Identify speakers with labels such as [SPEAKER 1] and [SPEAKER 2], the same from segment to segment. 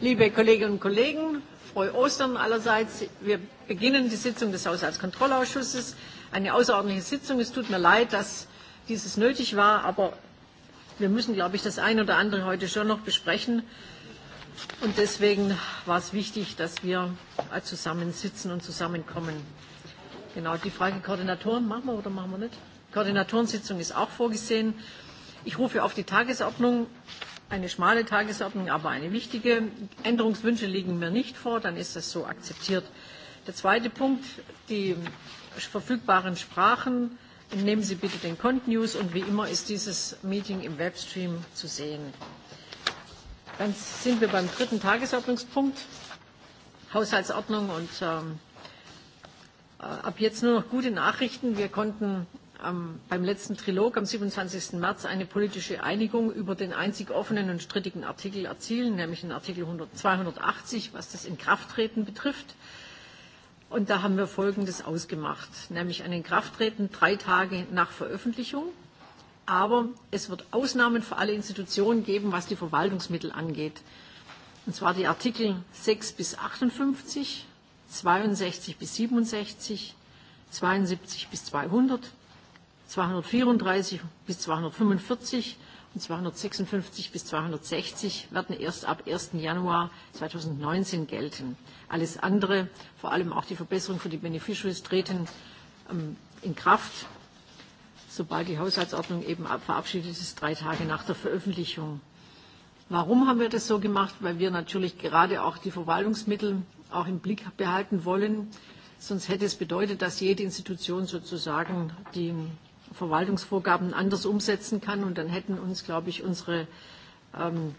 [SPEAKER 1] Liebe Kolleginnen und Kollegen, frohe Ostern allerseits. Wir beginnen die Sitzung des Haushaltskontrollausschusses. Eine außerordentliche Sitzung. Es tut mir leid, dass dieses nötig war, aber wir müssen, glaube ich, das eine oder andere heute schon noch besprechen. Und deswegen war es wichtig, dass wir zusammensitzen und zusammenkommen. Genau, die Frage Koordinatoren machen wir oder machen wir nicht? Koordinatorensitzung ist auch vorgesehen. Ich rufe auf die Tagesordnung eine schmale Tagesordnung, aber eine wichtige. Änderungswünsche liegen mir nicht vor, dann ist das so akzeptiert. Der zweite Punkt, die verfügbaren Sprachen. Nehmen Sie bitte den Cont-News und wie immer ist dieses Meeting im Webstream zu sehen. Dann sind wir beim dritten Tagesordnungspunkt, Haushaltsordnung und ähm, äh, ab jetzt nur noch gute Nachrichten. Wir konnten am, beim letzten Trilog am 27. März eine politische Einigung über den einzig offenen und strittigen Artikel erzielen, nämlich den Artikel 100, 280, was das Inkrafttreten betrifft. Und da haben wir Folgendes ausgemacht, nämlich ein Inkrafttreten drei Tage nach Veröffentlichung. Aber es wird Ausnahmen für alle Institutionen geben, was die Verwaltungsmittel angeht. Und zwar die Artikel 6 bis 58, 62 bis 67, 72 bis 200, 234 bis 245 und 256 bis 260 werden erst ab 1. Januar 2019 gelten. Alles andere, vor allem auch die Verbesserung für die Beneficiaries, treten ähm, in Kraft, sobald die Haushaltsordnung eben verabschiedet ist, drei Tage nach der Veröffentlichung. Warum haben wir das so gemacht? Weil wir natürlich gerade auch die Verwaltungsmittel auch im Blick behalten wollen. Sonst hätte es bedeutet, dass jede Institution sozusagen die Verwaltungsvorgaben anders umsetzen kann. Und dann hätten uns, glaube ich, unsere ähm,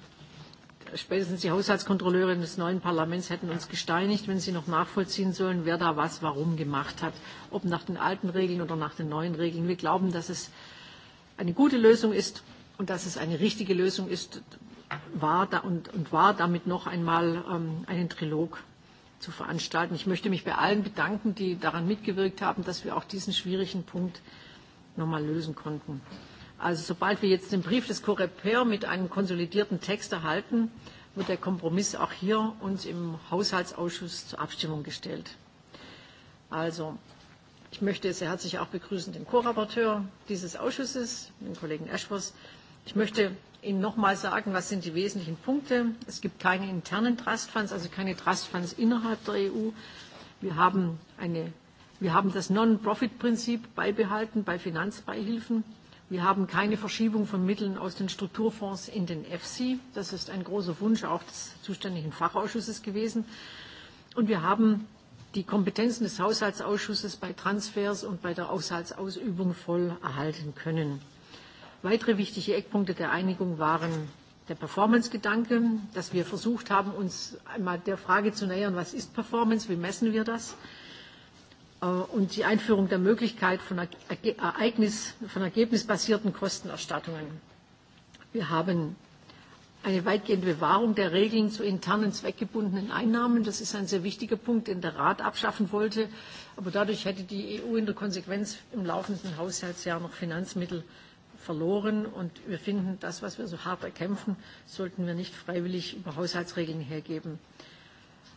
[SPEAKER 1] spätestens die Haushaltskontrolleure des neuen Parlaments hätten uns gesteinigt, wenn sie noch nachvollziehen sollen, wer da was warum gemacht hat, ob nach den alten Regeln oder nach den neuen Regeln. Wir glauben, dass es eine gute Lösung ist und dass es eine richtige Lösung ist, war da und, und war damit noch einmal ähm, einen Trilog zu veranstalten. Ich möchte mich bei allen bedanken, die daran mitgewirkt haben, dass wir auch diesen schwierigen Punkt nochmal lösen konnten. Also sobald wir jetzt den Brief des Coreper mit einem konsolidierten Text erhalten, wird der Kompromiss auch hier uns im Haushaltsausschuss zur Abstimmung gestellt. Also ich möchte sehr herzlich auch begrüßen den Co-Rapporteur dieses Ausschusses, den Kollegen Eschwurst. Ich möchte Ihnen mal sagen, was sind die wesentlichen Punkte. Es gibt keine internen Trustfonds, also keine Trustfonds innerhalb der EU. Wir haben eine Wir haben das Non-Profit-Prinzip beibehalten bei Finanzbeihilfen. Wir haben keine Verschiebung von Mitteln aus den Strukturfonds in den EFSI. Das ist ein großer Wunsch auch des zuständigen Fachausschusses gewesen. Und wir haben die Kompetenzen des Haushaltsausschusses bei Transfers und bei der Haushaltsausübung voll erhalten können. Weitere wichtige Eckpunkte der Einigung waren der Performance-Gedanke, dass wir versucht haben, uns einmal der Frage zu nähern, was ist Performance, wie messen wir das? Äh, und die Einführung der Möglichkeit von Ereignis, von ergebnisbasierten Kostenerstattungen. Wir haben eine weitgehende Bewahrung der Regeln zu internen zweckgebundenen Einnahmen. Das ist ein sehr wichtiger Punkt, den der Rat abschaffen wollte. Aber dadurch hätte die EU in der Konsequenz im laufenden Haushaltsjahr noch Finanzmittel verloren. Und wir finden, das, was wir so hart erkämpfen, sollten wir nicht freiwillig über Haushaltsregeln hergeben.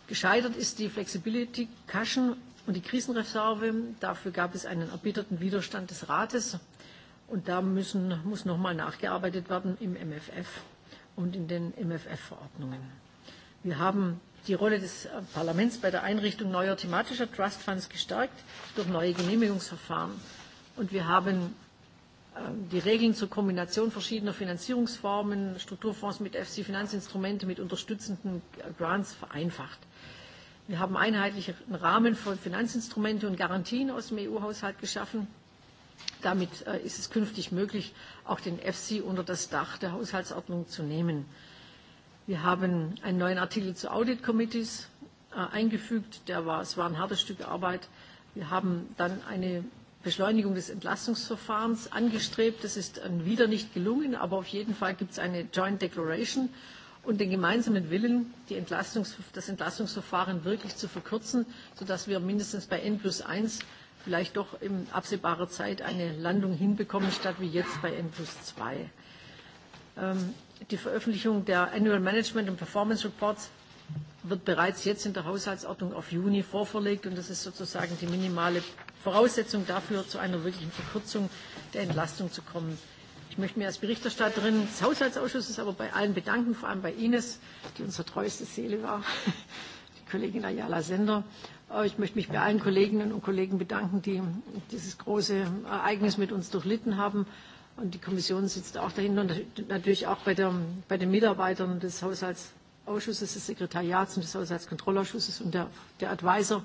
[SPEAKER 1] Gescheitert ist die Flexibility Cushion und die Krisenreserve. Dafür gab es einen erbitterten Widerstand des Rates. Und da müssen, muss nochmal nachgearbeitet werden im MFF und in den MFF-Verordnungen. Wir haben die Rolle des äh, Parlaments bei der Einrichtung neuer thematischer Trust funds gestärkt durch neue Genehmigungsverfahren. Und wir haben ähm, die Regeln zur Kombination verschiedener Finanzierungsformen, Strukturfonds mit fc finanzinstrumente mit unterstützenden Grants vereinfacht. Wir haben einheitlichen Rahmen von Finanzinstrumente und Garantien aus dem EU-Haushalt geschaffen. Damit äh, ist es künftig möglich, auch den EFSI unter das Dach der Haushaltsordnung zu nehmen. Wir haben einen neuen Artikel zu Audit Committees äh, eingefügt. Der war, es war ein hartes Stück Arbeit. Wir haben dann eine Beschleunigung des Entlastungsverfahrens angestrebt. Das ist äh, wieder nicht gelungen, aber auf jeden Fall gibt es eine Joint Declaration und den gemeinsamen Willen, die Entlastungs das Entlastungsverfahren wirklich zu verkürzen, sodass wir mindestens bei N plus 1 vielleicht doch in absehbarer Zeit eine Landung hinbekommen, statt wie jetzt bei N plus 2. Ähm, die Veröffentlichung der Annual Management und Performance Reports wird bereits jetzt in der Haushaltsordnung auf Juni vorverlegt und das ist sozusagen die minimale Voraussetzung dafür, zu einer wirklichen Verkürzung der Entlastung zu kommen. Ich möchte mich als Berichterstatterin des Haushaltsausschusses aber bei allen bedanken, vor allem bei Ines, die unsere treueste Seele war, die Kollegin Ayala Sender. Ich möchte mich bei allen Kolleginnen und Kollegen bedanken, die dieses große Ereignis mit uns durchlitten haben. Und die Kommission sitzt auch dahinter und natürlich auch bei, der, bei den Mitarbeitern des Haushaltsausschusses, des Sekretariats und des Haushaltskontrollausschusses und der, der Advisor,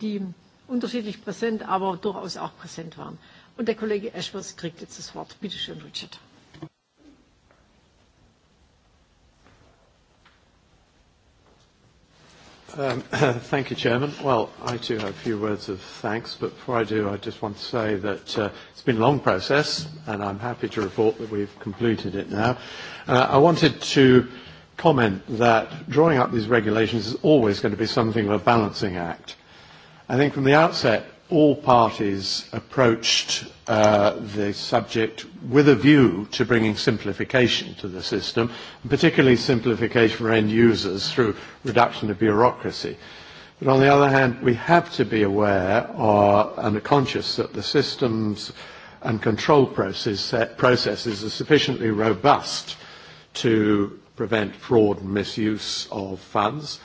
[SPEAKER 1] die unterschiedlich präsent, aber durchaus auch präsent waren. Und der Kollege Ashworth kriegt jetzt das Wort. Bitte schön, Richard.
[SPEAKER 2] Um, thank you, Chairman. Well, I too have a few words of thanks, but before I do, I just want to say that uh, it's been a long process, and I'm happy to report that we've completed it now. Uh, I wanted to comment that drawing up these regulations is always going to be something of a balancing act. I think from the outset, all parties approached uh, the subject with a view to bringing simplification to the system, and particularly simplification for end users through reduction of bureaucracy. But on the other hand, we have to be aware or, uh, and conscious that the systems and control process, processes are sufficiently robust to prevent fraud and misuse of funds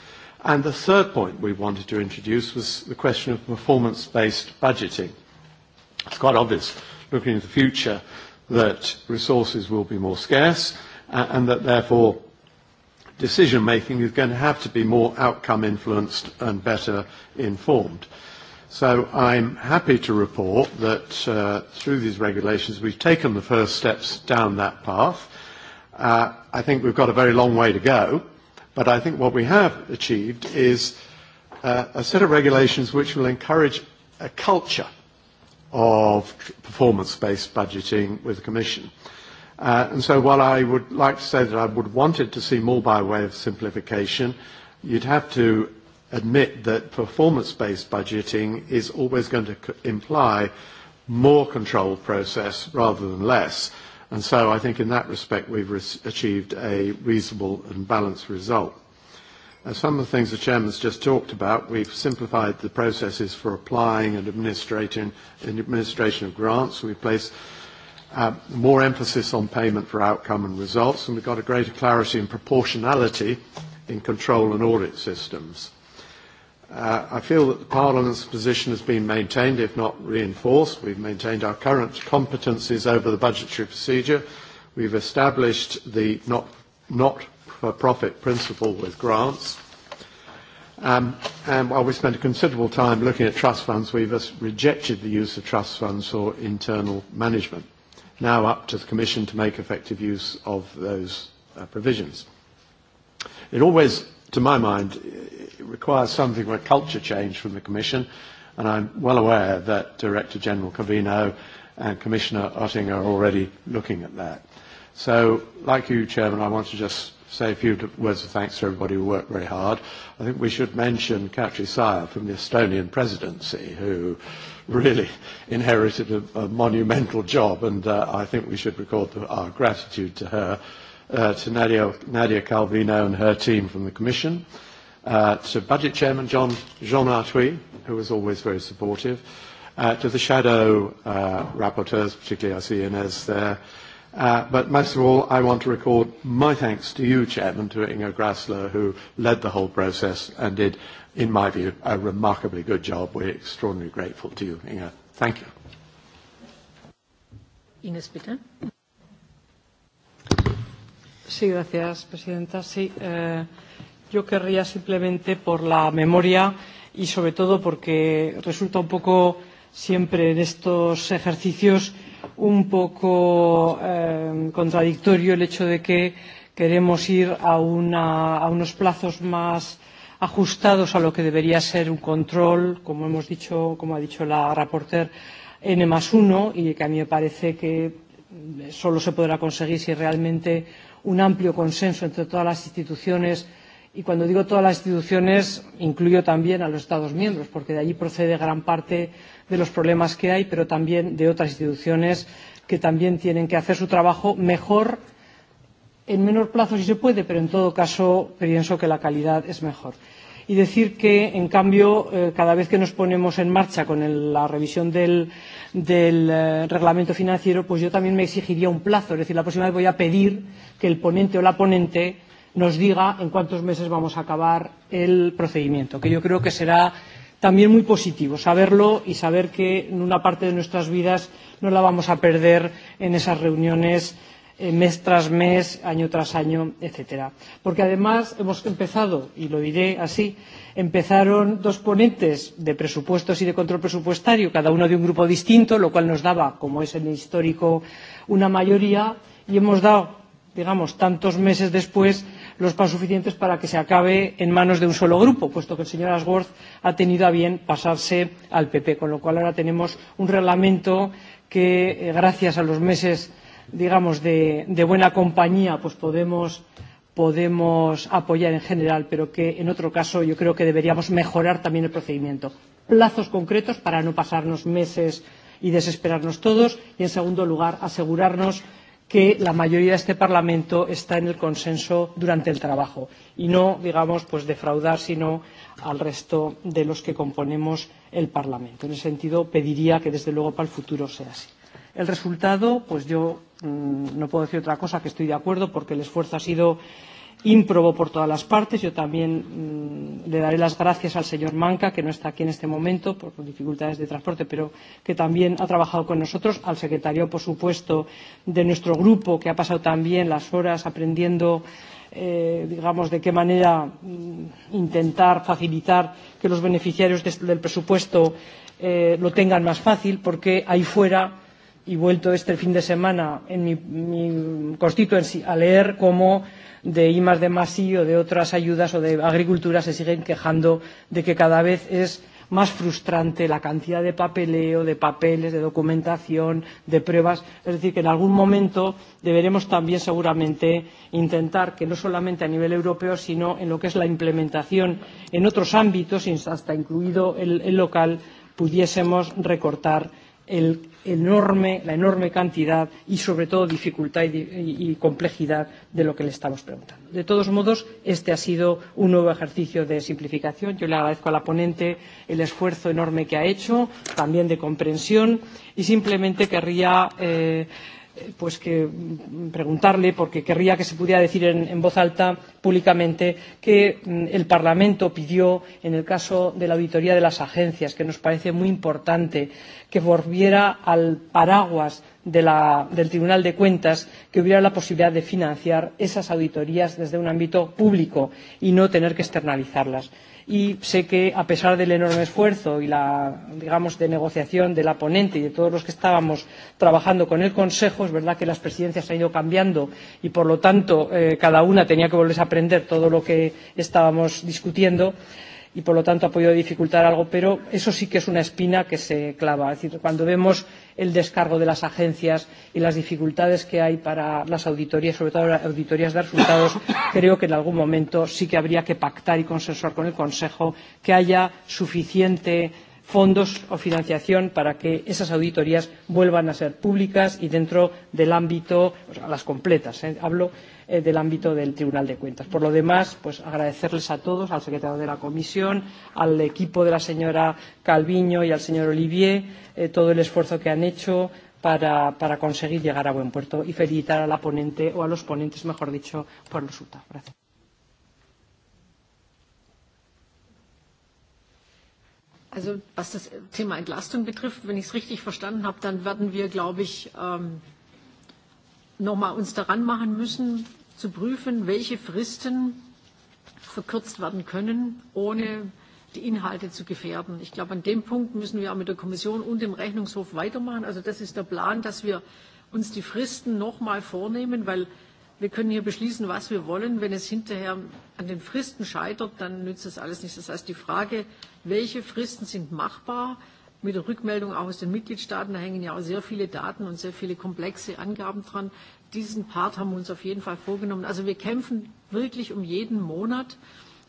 [SPEAKER 2] And the third point we wanted to introduce was the question of performance-based budgeting. It's quite obvious, looking into the future, that resources will be more scarce and that therefore decision making is going to have to be more outcome influenced and better informed. So I'm happy to report that uh, through these regulations we've taken the first steps down that path. Uh, I think we've got a very long way to go But I think what we have achieved is uh, a set of regulations which will encourage a culture of performance-based budgeting with the Commission. Uh, and so while I would like to say that I would wanted to see more by way of simplification, you'd have to admit that performance-based budgeting is always going to imply more control process rather than less. And so I think in that respect we've achieved a reasonable and balanced result. some of the things the chairman's just talked about, we've simplified the processes for applying and administration of grants. we've placed uh, more emphasis on payment for outcome and results, and we've got a greater clarity and proportionality in control and audit systems. Uh, I feel that Parliament's position has been maintained, if not reinforced. We've maintained our current competencies over the budgetary procedure. We've established the not, for profit principle with grants. Um, and while we spent a considerable time looking at trust funds, we've rejected the use of trust funds for internal management. Now up to the Commission to make effective use of those uh, provisions. It always, to my mind, requires something of a culture change from the Commission, and I'm well aware that Director General Covino and Commissioner Otting are already looking at that. So, like you, Chairman, I want to just say a few words of thanks to everybody who worked very hard. I think we should mention Katri Sire from the Estonian presidency, who really inherited a, a monumental job, and uh, I think we should record the, our gratitude to her, uh, to Nadia, Nadia Calvino and her team from the Commission, uh, to Budget Chairman John, Jean Arthuis, who was always very supportive, uh, to the shadow uh, rapporteurs, particularly I see Inez there. Uh, but most of all, I want to record my thanks to you, Chairman, to Inge Grassler, who led the whole process and did, in my view, a remarkably good job. We're extraordinarily grateful to you, Inge. Thank you.
[SPEAKER 1] Inés, bitte.
[SPEAKER 3] Sí, gracias, Presidenta. Sí, eh, Yo querría simplemente por la memoria y sobre todo porque resulta un poco siempre en estos ejercicios un poco eh, contradictorio el hecho de que queremos ir a, una, a unos plazos más ajustados a lo que debería ser un control, como hemos dicho, como ha dicho la reporter, N más uno, y que a mí me parece que solo se podrá conseguir si realmente un amplio consenso entre todas las instituciones y cuando digo todas las instituciones incluyo también a los estados miembros porque de allí procede gran parte de los problemas que hay pero también de otras instituciones que también tienen que hacer su trabajo mejor en menor plazo si se puede pero en todo caso pienso que la calidad es mejor y decir que en cambio eh, cada vez que nos ponemos en marcha con el, la revisión del, del eh, reglamento financiero pues yo también me exigiría un plazo es decir la próxima vez voy a pedir que el ponente o la ponente nos diga en cuántos meses vamos a acabar el procedimiento, que yo creo que será también muy positivo saberlo y saber que en una parte de nuestras vidas no la vamos a perder en esas reuniones eh, mes tras mes, año tras año, etcétera. Porque además hemos empezado, y lo diré así, empezaron dos ponentes de presupuestos y de control presupuestario, cada uno de un grupo distinto, lo cual nos daba, como es en el histórico, una mayoría, y hemos dado, digamos, tantos meses después los más suficientes para que se acabe en manos de un solo grupo, puesto que el señor Ashworth ha tenido a bien pasarse al PP, con lo cual ahora tenemos un reglamento que, eh, gracias a los meses digamos de, de buena compañía, pues podemos podemos apoyar en general, pero que en otro caso yo creo que deberíamos mejorar también el procedimiento. Plazos concretos para no pasarnos meses y desesperarnos todos. Y en segundo lugar, asegurarnos que la mayoría de este Parlamento está en el consenso durante el trabajo y no, digamos, pues defraudar sino al resto de los que componemos el Parlamento. En ese sentido, pediría que desde luego para el futuro sea así. El resultado, pues yo mm, no puedo decir otra cosa que estoy de acuerdo porque el esfuerzo ha sido ímprobo por todas las partes. Yo también mm, le daré las gracias al señor Manca, que no está aquí en este momento por dificultades de transporte, pero que también ha trabajado con nosotros, al secretario, por supuesto, de nuestro grupo, que ha pasado también las horas aprendiendo eh, digamos, de qué manera mm, intentar facilitar que los beneficiarios del presupuesto eh, lo tengan más fácil, porque ahí fuera y vuelto este fin de semana en mi, mi constituency a leer cómo de I de más I o de otras ayudas o de agricultura se siguen quejando de que cada vez es más frustrante la cantidad de papeleo, de papeles, de documentación, de pruebas. Es decir, que en algún momento deberemos también seguramente intentar que no solamente a nivel europeo, sino en lo que es la implementación en otros ámbitos, hasta incluido el, el local, pudiésemos recortar el, enorme, la enorme cantidad y sobre todo dificultad y, y, y complejidad de lo que le estamos preguntando. De todos modos, este ha sido un nuevo ejercicio de simplificación. Yo le agradezco a la ponente el esfuerzo enorme que ha hecho, también de comprensión, y simplemente querría eh, pues que preguntarle porque querría que se pudiera decir en, voz alta públicamente que mm, el parlamento pidió en el caso de la auditoría de las agencias que nos parece muy importante que volviera al paraguas de la, del tribunal de cuentas que hubiera la posibilidad de financiar esas auditorías desde un ámbito público y no tener que externalizarlas y sé que a pesar del enorme esfuerzo y la digamos de negociación de la ponente y de todos los que estábamos trabajando con el consejo es verdad que las presidencias han ido cambiando y por lo tanto eh, cada una tenía que volverse a aprender todo lo que estábamos discutiendo y por lo tanto ha podido dificultar algo pero eso sí que es una espina que se clava es decir cuando vemos el descargo de las agencias y las dificultades que hay para las auditorías, sobre todo las auditorías de resultados, creo que en algún momento sí que habría que pactar y consensuar con el Consejo que haya suficiente fondos o financiación para que esas auditorías vuelvan a ser públicas y dentro del ámbito, las completas, ¿eh? hablo eh, del ámbito del Tribunal de Cuentas. Por lo demás, pues agradecerles a todos, al secretario de la Comisión, al equipo de la señora Calviño y al señor Olivier, eh, todo el esfuerzo que han hecho para, para conseguir llegar a buen puerto y felicitar a la ponente o a los ponentes, mejor dicho, por el resultado. Gracias.
[SPEAKER 1] Also was das Thema Entlastung betrifft, wenn ich es richtig verstanden habe, dann werden wir, glaube ich, ähm, mal uns daran machen müssen, zu prüfen, welche Fristen verkürzt werden können, ohne die Inhalte zu gefährden. Ich glaube, an dem Punkt müssen wir auch mit der Kommission und dem Rechnungshof weitermachen. Also das ist der Plan, dass wir uns die Fristen noch mal vornehmen, weil wir können hier beschließen, was wir wollen. Wenn es hinterher an den Fristen scheitert, dann nützt das alles nichts. Das heißt, die Frage, welche Fristen sind machbar, mit der Rückmeldung auch aus den Mitgliedstaaten, da hängen ja auch sehr viele Daten und sehr viele komplexe Angaben dran diesen Part haben wir uns auf jeden Fall vorgenommen. Also wir kämpfen wirklich um jeden Monat.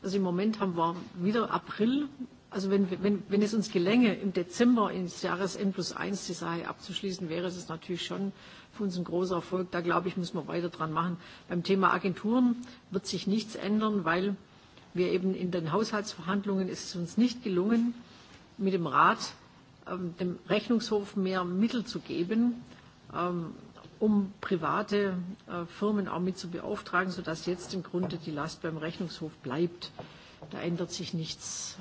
[SPEAKER 1] Also im Moment haben wir wieder April. Also wenn, wenn, wenn es uns gelänge, im Dezember ins Jahres N plus 1 die Sache abzuschließen, wäre es natürlich schon für uns ein großer Erfolg. Da glaube ich, müssen wir weiter dran machen. Beim Thema Agenturen wird sich nichts ändern, weil wir eben in den Haushaltsverhandlungen ist es uns nicht gelungen, mit dem Rat ähm, dem Rechnungshof mehr Mittel zu geben. Ähm, um private äh, Firmen auch mit zu beauftragen, sodass jetzt im Grunde die Last beim Rechnungshof bleibt. Da ändert sich nichts.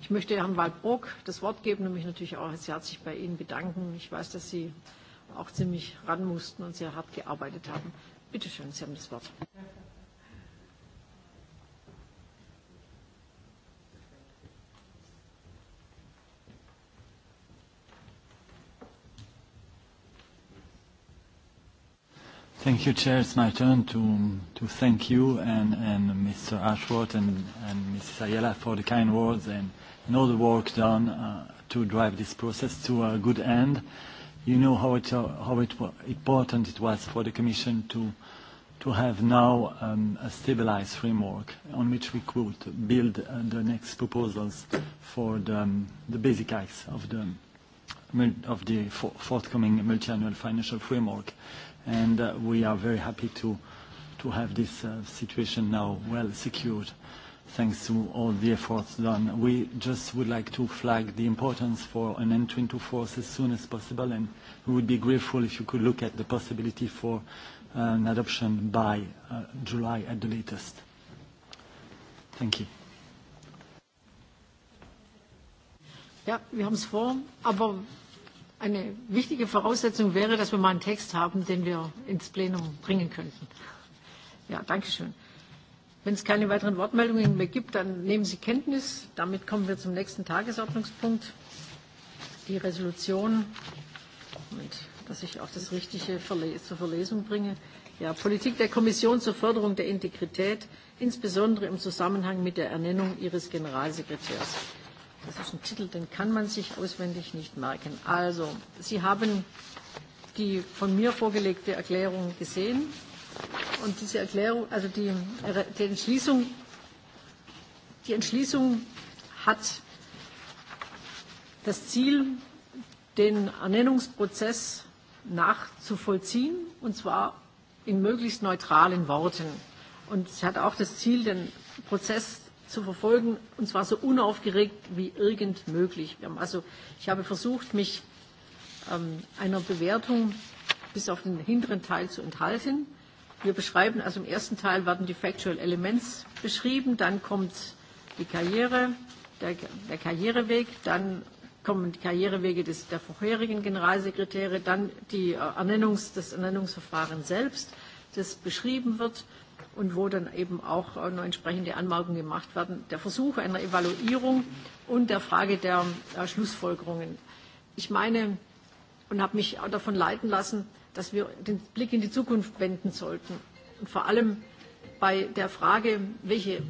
[SPEAKER 1] Ich möchte Herrn Walbrock das Wort geben und mich natürlich auch sehr herzlich bei Ihnen bedanken. Ich weiß, dass Sie auch ziemlich ran mussten und sehr hart gearbeitet haben. Bitte schön, Sie haben das Wort.
[SPEAKER 4] Thank you, Chair. It's my turn to, to thank you and, and Mr. Ashworth and, and Mrs. Ayala for the kind words and, and all the work done uh, to drive this process to a good end. You know how, it, uh, how it, important it was for the Commission to, to have now um, a stabilized framework on which we could build uh, the next proposals for the, um, the basic acts of the, of the forthcoming multi-annual financial framework and uh, we are very happy to, have this uh, situation now well secured thanks to all the efforts done. We just would like to flag the importance for an entry into force as soon as possible, and we would be grateful if you could look at the possibility for uh, an adoption by July at the latest. Thank you.
[SPEAKER 1] Ja, wir have Eine wichtige Voraussetzung wäre, dass wir mal einen Text haben, den wir ins Plenum bringen könnten. Ja, danke schön. Wenn es keine weiteren Wortmeldungen mehr gibt, dann nehmen Sie Kenntnis. Damit kommen wir zum nächsten Tagesordnungspunkt. Die Resolution, Moment, dass ich auch das Richtige zur Verlesung bringe. Ja, Politik der Kommission zur Förderung der Integrität, insbesondere im Zusammenhang mit der Ernennung ihres Generalsekretärs das ist ein Titel, den kann man sich auswendig nicht merken. Also, Sie haben die von mir vorgelegte Erklärung gesehen. Und diese Erklärung, also die, die, Entschließung, die Entschließung hat das Ziel, den Ernennungsprozess nachzuvollziehen, und zwar in möglichst neutralen Worten. Und sie hat auch das Ziel, den Prozess zu verfolgen, und zwar so unaufgeregt wie irgend möglich. Wir haben also, ich habe versucht, mich ähm, einer Bewertung bis auf den hinteren Teil zu enthalten. Wir beschreiben, also im ersten Teil werden die Factual Elements beschrieben, dann kommt die Karriere, der, der Karriereweg, dann kommen die Karrierewege des, der vorherigen Generalsekretäre, dann die äh, Ernennungs, das Ernennungsverfahren selbst, das beschrieben wird, und wo dann eben auch äh, noch entsprechende Anmerkungen gemacht werden. Der Versuch einer Evaluierung und der Frage der äh, Schlussfolgerungen. Ich meine und habe mich auch davon leiten lassen, dass wir den Blick in die Zukunft wenden sollten. Und vor allem bei der Frage, welche,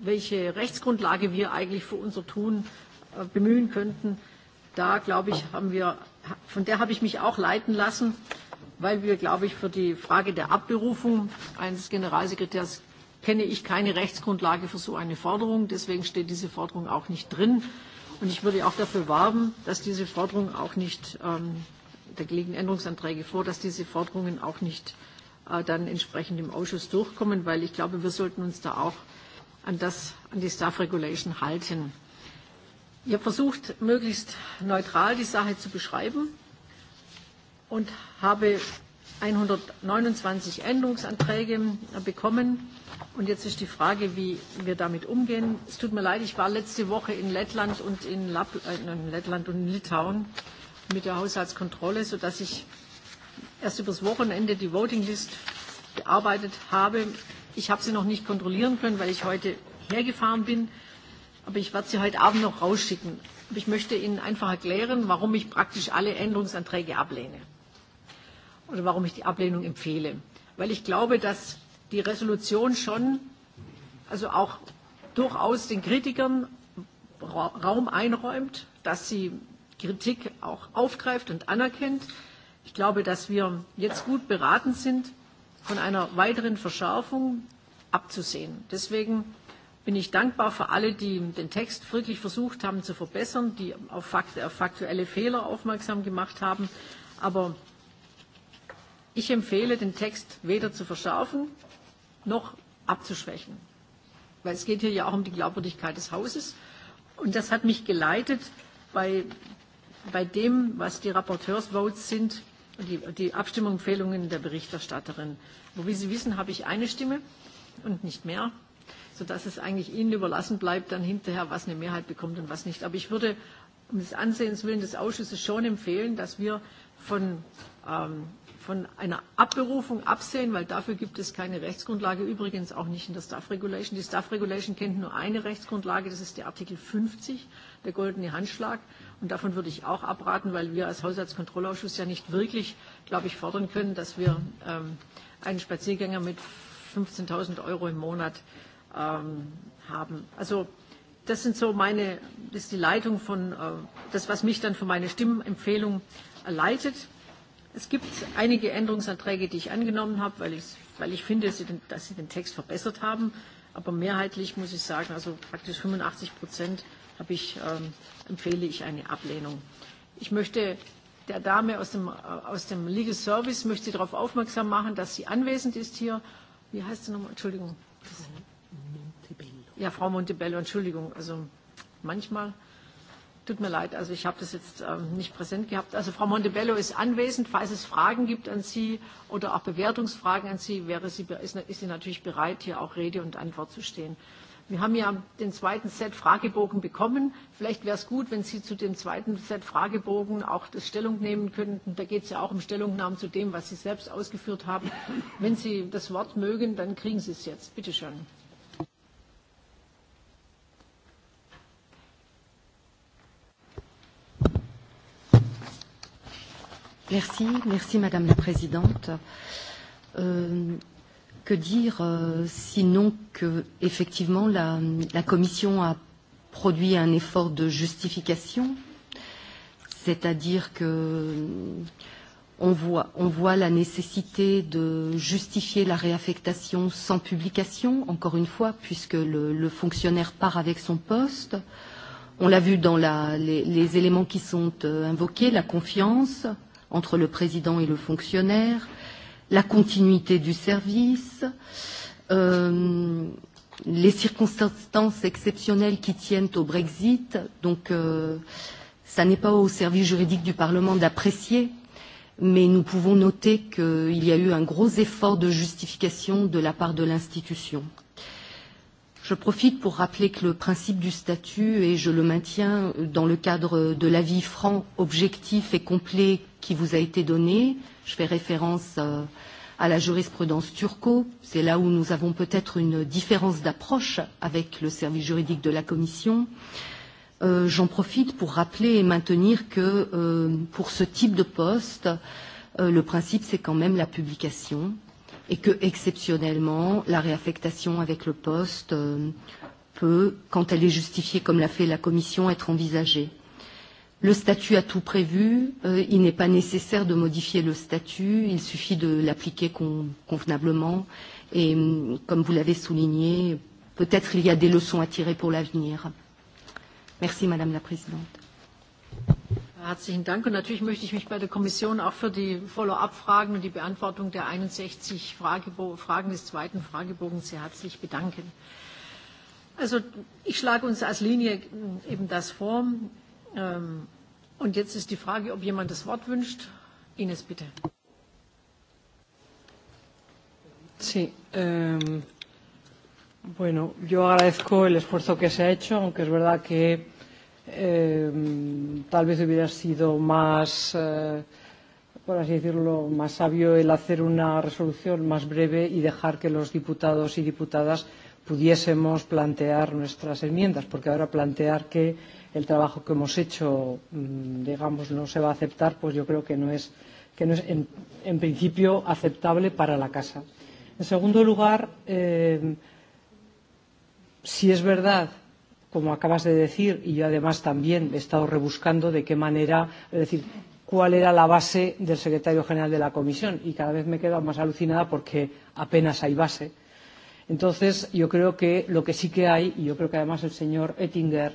[SPEAKER 1] welche Rechtsgrundlage wir eigentlich für unser Tun äh, bemühen könnten, da glaube ich, haben wir, von der habe ich mich auch leiten lassen weil wir, glaube ich, für die Frage der Abberufung eines Generalsekretärs kenne ich keine Rechtsgrundlage für so eine Forderung. Deswegen steht diese Forderung auch nicht drin. Und ich würde auch dafür werben, dass diese Forderung auch nicht, ähm, da liegen Änderungsanträge vor, dass diese Forderungen auch nicht äh, dann entsprechend im Ausschuss durchkommen, weil ich glaube, wir sollten uns da auch an, das, an die Staff Regulation halten. Ich habe versucht, möglichst neutral die Sache zu beschreiben und habe 129 Änderungsanträge bekommen. Und jetzt ist die Frage, wie wir damit umgehen. Es tut mir leid, ich war letzte Woche in Lettland und in, Lapp, äh, in, Lettland und in Litauen mit der Haushaltskontrolle, sodass ich erst übers Wochenende die Voting List bearbeitet habe. Ich habe sie noch nicht kontrollieren können, weil ich heute hergefahren bin. Aber ich werde sie heute Abend noch rausschicken. Aber ich möchte Ihnen einfach erklären, warum ich praktisch alle Änderungsanträge ablehne oder warum ich die Ablehnung empfehle. Weil ich glaube, dass die Resolution schon, also auch durchaus den Kritikern Raum einräumt, dass sie Kritik auch aufgreift und anerkennt. Ich glaube, dass wir jetzt gut beraten sind, von einer weiteren Verschärfung abzusehen. Deswegen bin ich dankbar für alle, die den Text wirklich versucht haben zu verbessern, die auf faktuelle Fehler aufmerksam gemacht haben. Aber Ich empfehle, den Text weder zu verschärfen noch abzuschwächen, weil es geht hier ja auch um die Glaubwürdigkeit des Hauses. Und das hat mich geleitet bei, bei dem, was die Rapporteursvotes sind, die, die Abstimmungsempfehlungen der Berichterstatterin. Wo, wie Sie wissen, habe ich eine Stimme und nicht mehr, sodass es eigentlich Ihnen überlassen bleibt, dann hinterher, was eine Mehrheit bekommt und was nicht. Aber ich würde um des Ansehens willen des Ausschusses schon empfehlen, dass wir von ähm, von einer Abberufung absehen, weil dafür gibt es keine Rechtsgrundlage, übrigens auch nicht in der Staff Regulation. Die Staff Regulation kennt nur eine Rechtsgrundlage, das ist der Artikel 50, der goldene Handschlag. Und davon würde ich auch abraten, weil wir als Haushaltskontrollausschuss ja nicht wirklich, glaube ich, fordern können, dass wir ähm, einen Spaziergänger mit 15.000 Euro im Monat ähm, haben. Also das sind so meine, das ist die Leitung von, äh, das was mich dann für meine Stimmempfehlung leitet. Es gibt einige Änderungsanträge, die ich angenommen habe, weil ich, weil ich finde, dass sie, den, Text verbessert haben. Aber mehrheitlich muss ich sagen, also praktisch 85 Prozent habe ich, ähm, empfehle ich eine Ablehnung. Ich möchte der Dame aus dem, äh, aus dem Legal Service möchte Sie darauf aufmerksam machen, dass sie anwesend ist hier. Wie heißt sie nochmal? Entschuldigung. Ja, Frau Montebello, Entschuldigung. Also manchmal Tut mir leid, also ich habe das jetzt ähm, nicht präsent gehabt. Also Frau Montebello ist anwesend. Falls es Fragen gibt an Sie oder auch Bewertungsfragen an Sie, wäre sie, ist, ist sie natürlich bereit, hier auch Rede und Antwort zu stehen. Wir haben ja den zweiten Set Fragebogen bekommen. Vielleicht wäre es gut, wenn Sie zu dem zweiten Set Fragebogen auch das Stellung nehmen könnten. Da geht es ja auch um Stellungnahmen zu dem, was Sie selbst ausgeführt haben. Wenn Sie das Wort mögen, dann kriegen Sie es jetzt. Bitte schön.
[SPEAKER 5] Merci, merci Madame la Présidente. Euh, que dire euh, sinon que effectivement la, la Commission a produit un effort de justification, c'est-à-dire que euh, on voit, on voit la nécessité de justifier la réaffectation sans publication, encore une fois, puisque le, le fonctionnaire part avec son poste. On l'a vu dans la, les, les éléments qui sont euh, invoqués, la confiance, entre le président et le fonctionnaire, la continuité du service, euh, les circonstances exceptionnelles qui tiennent au Brexit. Donc, euh, ça n'est pas au service juridique du Parlement d'apprécier, mais nous pouvons noter qu'il y a eu un gros effort de justification de la part de l'institution. Je profite pour rappeler que le principe du statut, et je le maintiens dans le cadre de l'avis franc, objectif et complet qui vous a été donné. Je fais référence euh, à la jurisprudence turco. C'est là où nous avons peut-être une différence d'approche avec le service juridique de la Commission. Euh, J'en profite pour rappeler et maintenir que euh, pour ce type de poste, euh, le principe c'est quand même la publication et que exceptionnellement, la réaffectation avec le poste euh, peut, quand elle est justifiée comme l'a fait la Commission, être envisagée. Le statut a tout prévu, euh, il n'est pas nécessaire de modifier le statut, il suffit de l'appliquer con, convenablement et, comme vous l'avez souligné, peut-être il y a des leçons à tirer pour l'avenir. Merci Madame la Présidente.
[SPEAKER 1] Herzlichen Dank. Und natürlich möchte ich mich bei der Kommission auch für die Follow-up-Fragen und die Beantwortung der 61 Fragen des zweiten Fragebogens sehr herzlich bedanken. Also ich schlage uns als Linie eben das vor. Ähm, und jetzt ist die Frage, ob jemand das Wort wünscht. Ines, bitte.
[SPEAKER 3] Sí, eh, bueno, yo agradezco el esfuerzo que se ha hecho, aunque es verdad que eh, tal vez hubiera sido más, eh, por así decirlo, más sabio el hacer una resolución más breve y dejar que los diputados y diputadas pudiésemos plantear nuestras enmiendas, porque ahora plantear que el trabajo que hemos hecho, mm, digamos, no se va a aceptar, pues yo creo que no es, que no es en, en principio aceptable para la casa. En segundo lugar, eh, si es verdad como acabas de decir, y yo además también he estado rebuscando de qué manera, es decir, cuál era la base del secretario general de la comisión, y cada vez me quedo más alucinada porque apenas hay base. Entonces, yo creo que lo que sí que hay, y yo creo que además el señor Ettinger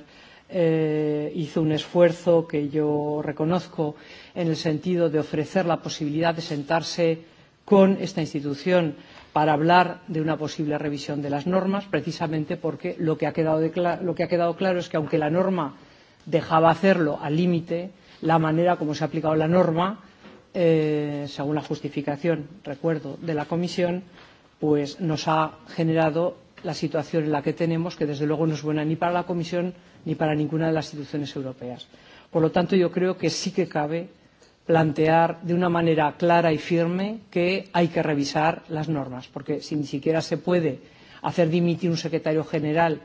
[SPEAKER 3] eh, hizo un esfuerzo que yo reconozco en el sentido de ofrecer la posibilidad de sentarse con esta institución para hablar de una posible revisión de las normas, precisamente porque lo que ha quedado, de cl lo que ha quedado claro es que, aunque la norma dejaba hacerlo al límite, la manera como se ha aplicado la norma, eh, según la justificación, recuerdo, de la Comisión, pues nos ha generado la situación en la que tenemos, que desde luego no es buena ni para la Comisión ni para ninguna de las instituciones europeas. Por lo tanto, yo creo que sí que cabe plantear de una manera clara y firme que hay que revisar las normas, porque si ni siquiera se puede hacer dimitir un secretario general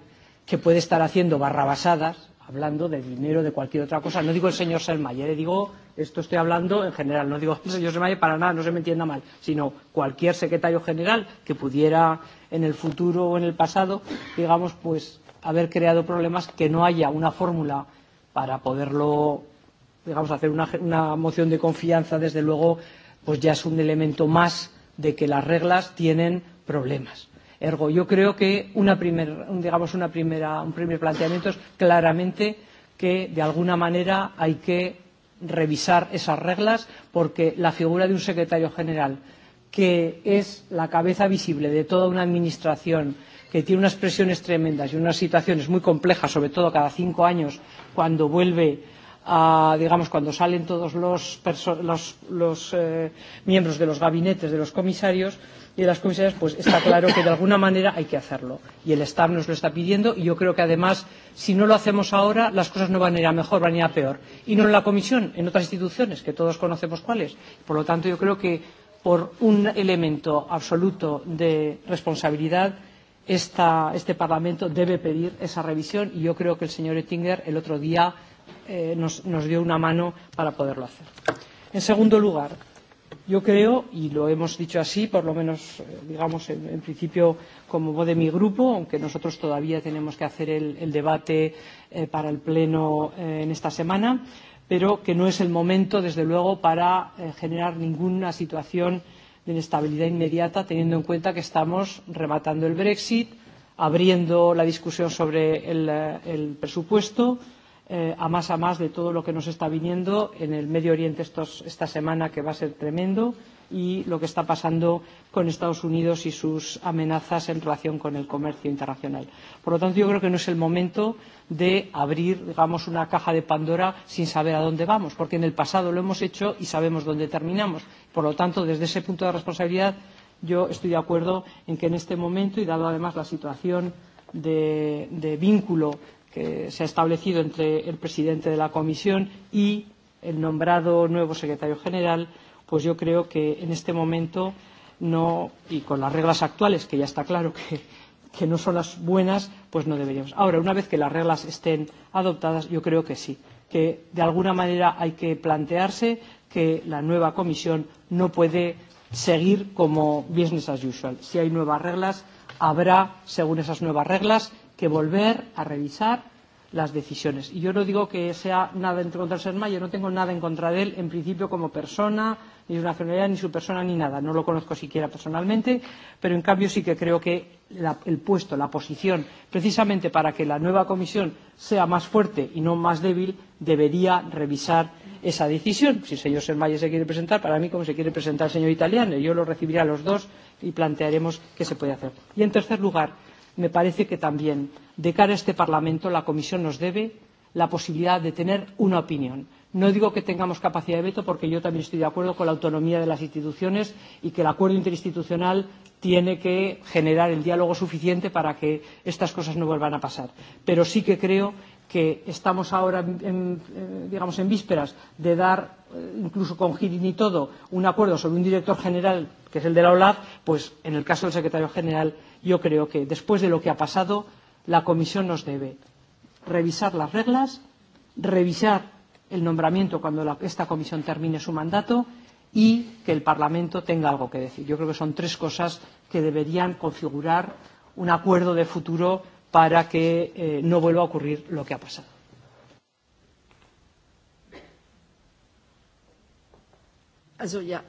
[SPEAKER 3] que puede estar haciendo barrabasadas, hablando de dinero, de cualquier otra cosa. No digo el señor Selmayer, eh, digo, esto estoy hablando en general, no digo el señor Selmayer para nada, no se me entienda mal, sino cualquier secretario general que pudiera en el futuro o en el pasado, digamos, pues haber creado problemas que no haya una fórmula para poderlo, digamos, hacer una, una moción de confianza, desde luego, pues ya es un elemento más de que las reglas tienen problemas Ergo, yo creo que una primer, digamos una primera, un primer planteamiento es claramente que de alguna manera hay que revisar esas reglas porque la figura de un secretario general que es la cabeza visible de toda una administración que tiene unas presiones tremendas y unas situaciones muy complejas, sobre todo cada cinco años, cuando vuelve a, digamos, cuando salen todos los, los, los eh, miembros de los gabinetes de los comisarios, y de las comisiones, pues está claro que de alguna manera hay que hacerlo. Y el staff nos lo está pidiendo y yo creo que además, si no lo hacemos ahora, las cosas no van a ir a mejor, van a ir a peor. Y no en la comisión, en otras instituciones, que todos conocemos cuáles. Por lo tanto, yo creo que por un elemento absoluto de responsabilidad, esta, este Parlamento debe pedir esa revisión y yo creo que el señor Ettinger el otro día eh, nos, nos dio una mano para poderlo hacer. En segundo lugar, Yo creo, y lo hemos dicho así, por lo menos, eh, digamos, en, en principio como voz de mi grupo, aunque nosotros todavía tenemos que hacer el, el debate eh, para el Pleno eh, en esta semana, pero que no es el momento, desde luego, para eh, generar ninguna situación de inestabilidad inmediata, teniendo en cuenta que estamos rematando el Brexit, abriendo la discusión sobre el, eh, el presupuesto, Eh, a más a más de todo lo que nos está viniendo en el Medio Oriente esta semana, que va a ser tremendo, y lo que está pasando con Estados Unidos y sus amenazas en relación con el comercio internacional. Por lo tanto, yo creo que no es el momento de abrir, digamos, una caja de Pandora sin saber a dónde vamos, porque en el pasado lo hemos hecho y sabemos dónde terminamos. Por lo tanto, desde ese punto de responsabilidad, yo estoy de acuerdo en que en este momento, y dado además la situación de vínculo que se ha establecido entre el presidente de la comisión y el nombrado nuevo secretario general, pues yo creo que en este momento no, y con las reglas actuales, que ya está claro que, que no son las buenas, pues no deberíamos. Ahora, una vez que las reglas estén adoptadas, yo creo que sí, que de alguna manera hay que plantearse que la nueva comisión no puede seguir como business as usual. Si hay nuevas reglas, habrá, según esas nuevas reglas, que volver a revisar las decisiones. Y yo no digo que sea nada en contra de Serma, yo no tengo nada en contra de él, en principio como persona, ni su nacionalidad, ni su persona, ni nada. No lo conozco siquiera personalmente, pero en cambio sí que creo que la, el puesto, la posición, precisamente para que la nueva comisión sea más fuerte y no más débil, debería revisar esa decisión. Si el señor Sermaye se quiere presentar, para mí como se quiere presentar el señor Italiano, yo lo recibiré a los dos y plantearemos qué se puede hacer. Y en tercer lugar, me parece que también de cara a este Parlamento la Comisión nos debe la posibilidad de tener una opinión. No digo que tengamos capacidad de veto porque yo también estoy de acuerdo con la autonomía de las instituciones y que el acuerdo interinstitucional tiene que generar el diálogo suficiente para que estas cosas no vuelvan a pasar. Pero sí que creo que estamos ahora, en, eh, digamos, en vísperas de dar, eh, incluso con Girin y todo, un acuerdo sobre un director general, que es el de la OLAF, pues en el caso del secretario general yo creo que después de lo que ha pasado la comisión nos debe revisar las reglas revisar el nombramiento cuando la, esta comisión termine su mandato y que el parlamento tenga algo que decir yo creo que son tres cosas que deberían configurar un acuerdo de futuro para que eh, no vuelva a ocurrir lo que ha pasado
[SPEAKER 1] also ja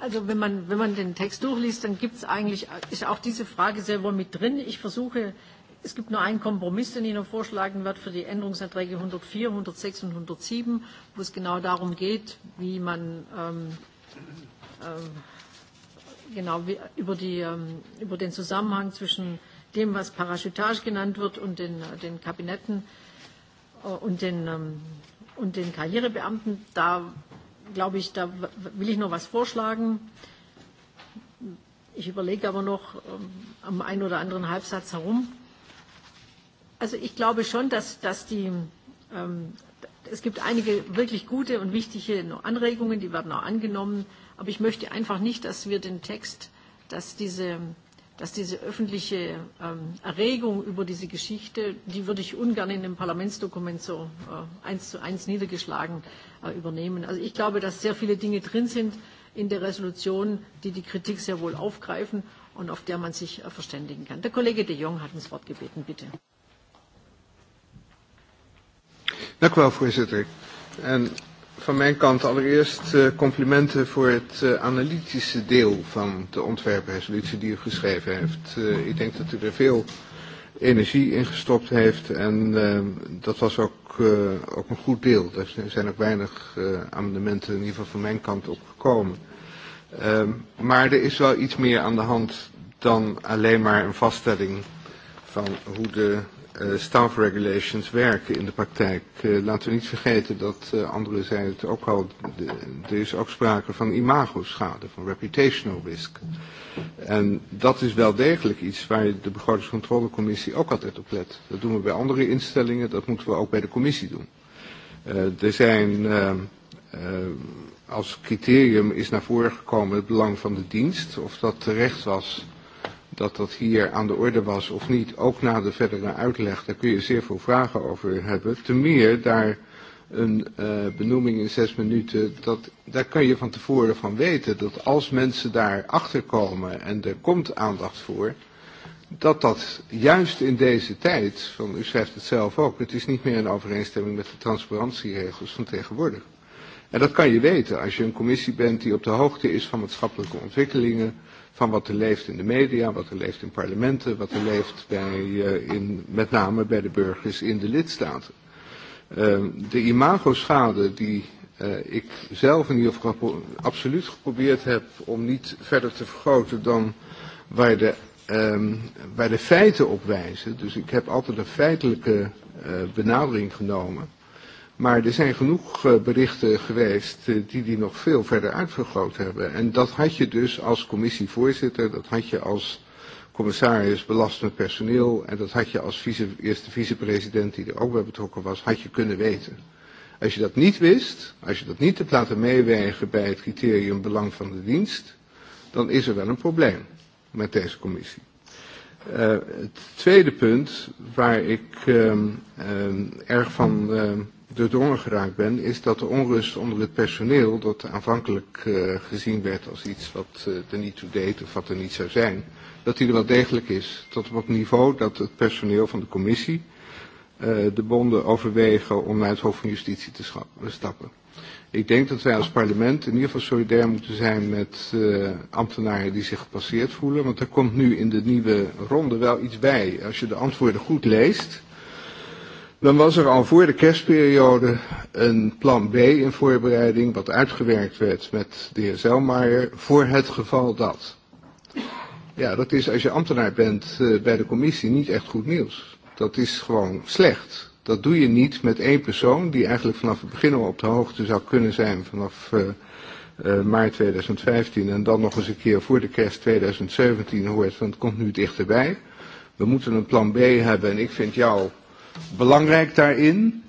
[SPEAKER 1] Also wenn man, wenn man den Text durchliest, dann gibt es eigentlich, ist auch diese Frage selber mit drin. Ich versuche, es gibt nur einen Kompromiss, den ich noch vorschlagen werde für die Änderungsanträge 104, 106 und 107, wo es genau darum geht, wie man ähm, ähm, genau wie, über, die, ähm, über den Zusammenhang zwischen dem, was Parachutage genannt wird und den, den Kabinetten äh, und den ähm, und den Karrierebeamten, da glaube ich, da will ich noch was vorschlagen. Ich überlege aber noch ähm, am einen oder anderen Halbsatz herum. Also ich glaube schon, dass, dass die, ähm, es gibt einige wirklich gute und wichtige Anregungen, die werden auch angenommen. Aber ich möchte einfach nicht, dass wir den Text, dass diese dass diese öffentliche ähm, Erregung über diese Geschichte, die würde ich ungern in dem Parlamentsdokument so äh, eins zu eins niedergeschlagen äh, übernehmen. Also ich glaube, dass sehr viele Dinge drin sind in der Resolution, die die Kritik sehr wohl aufgreifen und auf der man sich äh, verständigen kann. Der Kollege de Jong hat ums Wort gebeten, bitte
[SPEAKER 6] van mijn kant allereerst eh, complimenten voor het eh, analytische deel van de ontwerpresolutie die u geschreven heeft. Eh, ik denk dat u er veel energie in gestopt heeft en dat was ook, ook een goed deel. Er zijn ook weinig amendementen, in ieder geval van mijn kant, op gekomen. Ehm, maar er is wel iets meer aan de hand dan alleen maar een vaststelling van hoe de Eh, regulations werken in de praktijk. Eh, laten we niet vergeten dat, eh, anderen zijn het ook al, er is ook sprake van imago-schade, van reputational risk. En dat is wel degelijk iets waar de begrotingscontrolecommissie ook altijd op let. Dat doen we bij andere instellingen, dat moeten we ook bij de commissie doen. Uh, er zijn, uh, als criterium is naar voren gekomen het belang van de dienst, of dat terecht was dat dat hier aan de orde was of niet, ook na de verdere uitleg, daar kun je zeer veel vragen over hebben. te meer daar een uh, benoeming in zes minuten, dat, daar kun je van tevoren van weten dat als mensen daar achter komen en er komt aandacht voor, dat dat juist in deze tijd, van u schrijft het zelf ook, het is niet meer in overeenstemming met de transparantieregels van tegenwoordig. En dat kan je weten als je een commissie bent die op de hoogte is van maatschappelijke ontwikkelingen, van wat er leeft in de media, wat er leeft in parlementen, wat er leeft bij, uh, in, met name bij de burgers in de lidstaten. Uh, de imagoschade die uh, ik zelf in ieder absoluut geprobeerd heb om niet verder te vergroten dan waar de, ehm, waar de feiten op wijzen. Dus ik heb altijd een feitelijke eh, benadering genomen. Maar er zijn genoeg eh, berichten geweest eh, die die nog veel verder uitvergroot hebben. En dat had je dus als commissievoorzitter, dat had je als commissaris belastend personeel en dat had je als vice, eerste vicepresident die er ook bij betrokken was, had je kunnen weten. Als je dat niet wist, als je dat niet hebt laten meewegen bij het criterium belang van de dienst, dan is er wel een probleem met deze commissie. Uh, het tweede punt waar ik uh, uh, erg van ehm, doordrongen geraakt ben, is dat de onrust onder het personeel, dat aanvankelijk uh, gezien werd als iets wat uh, er niet toe deed of wat er niet zou zijn, dat die er wel degelijk is. Tot op het niveau dat het personeel van de commissie uh, de bonden overwegen om naar het Hof van Justitie te stappen. Ik denk dat wij als parlement in ieder geval solidair moeten zijn met uh, ambtenaren die zich gepasseerd voelen. Want er komt nu in de nieuwe ronde wel iets bij. Als je de antwoorden goed leest, Dan was er al voor de kerstperiode een plan B in voorbereiding, wat uitgewerkt werd met de heer Zelmaier, voor het geval dat. Ja, dat is als je ambtenaar bent eh, bij de commissie niet echt goed nieuws. Dat is gewoon slecht. Dat doe je niet met één persoon die eigenlijk vanaf het begin al op de hoogte zou kunnen zijn vanaf uh, uh, maart 2015 en dan nog eens een keer voor de kerst 2017 hoort van het komt nu dichterbij. We moeten een plan B hebben en ik vind jou belangrijk daarin.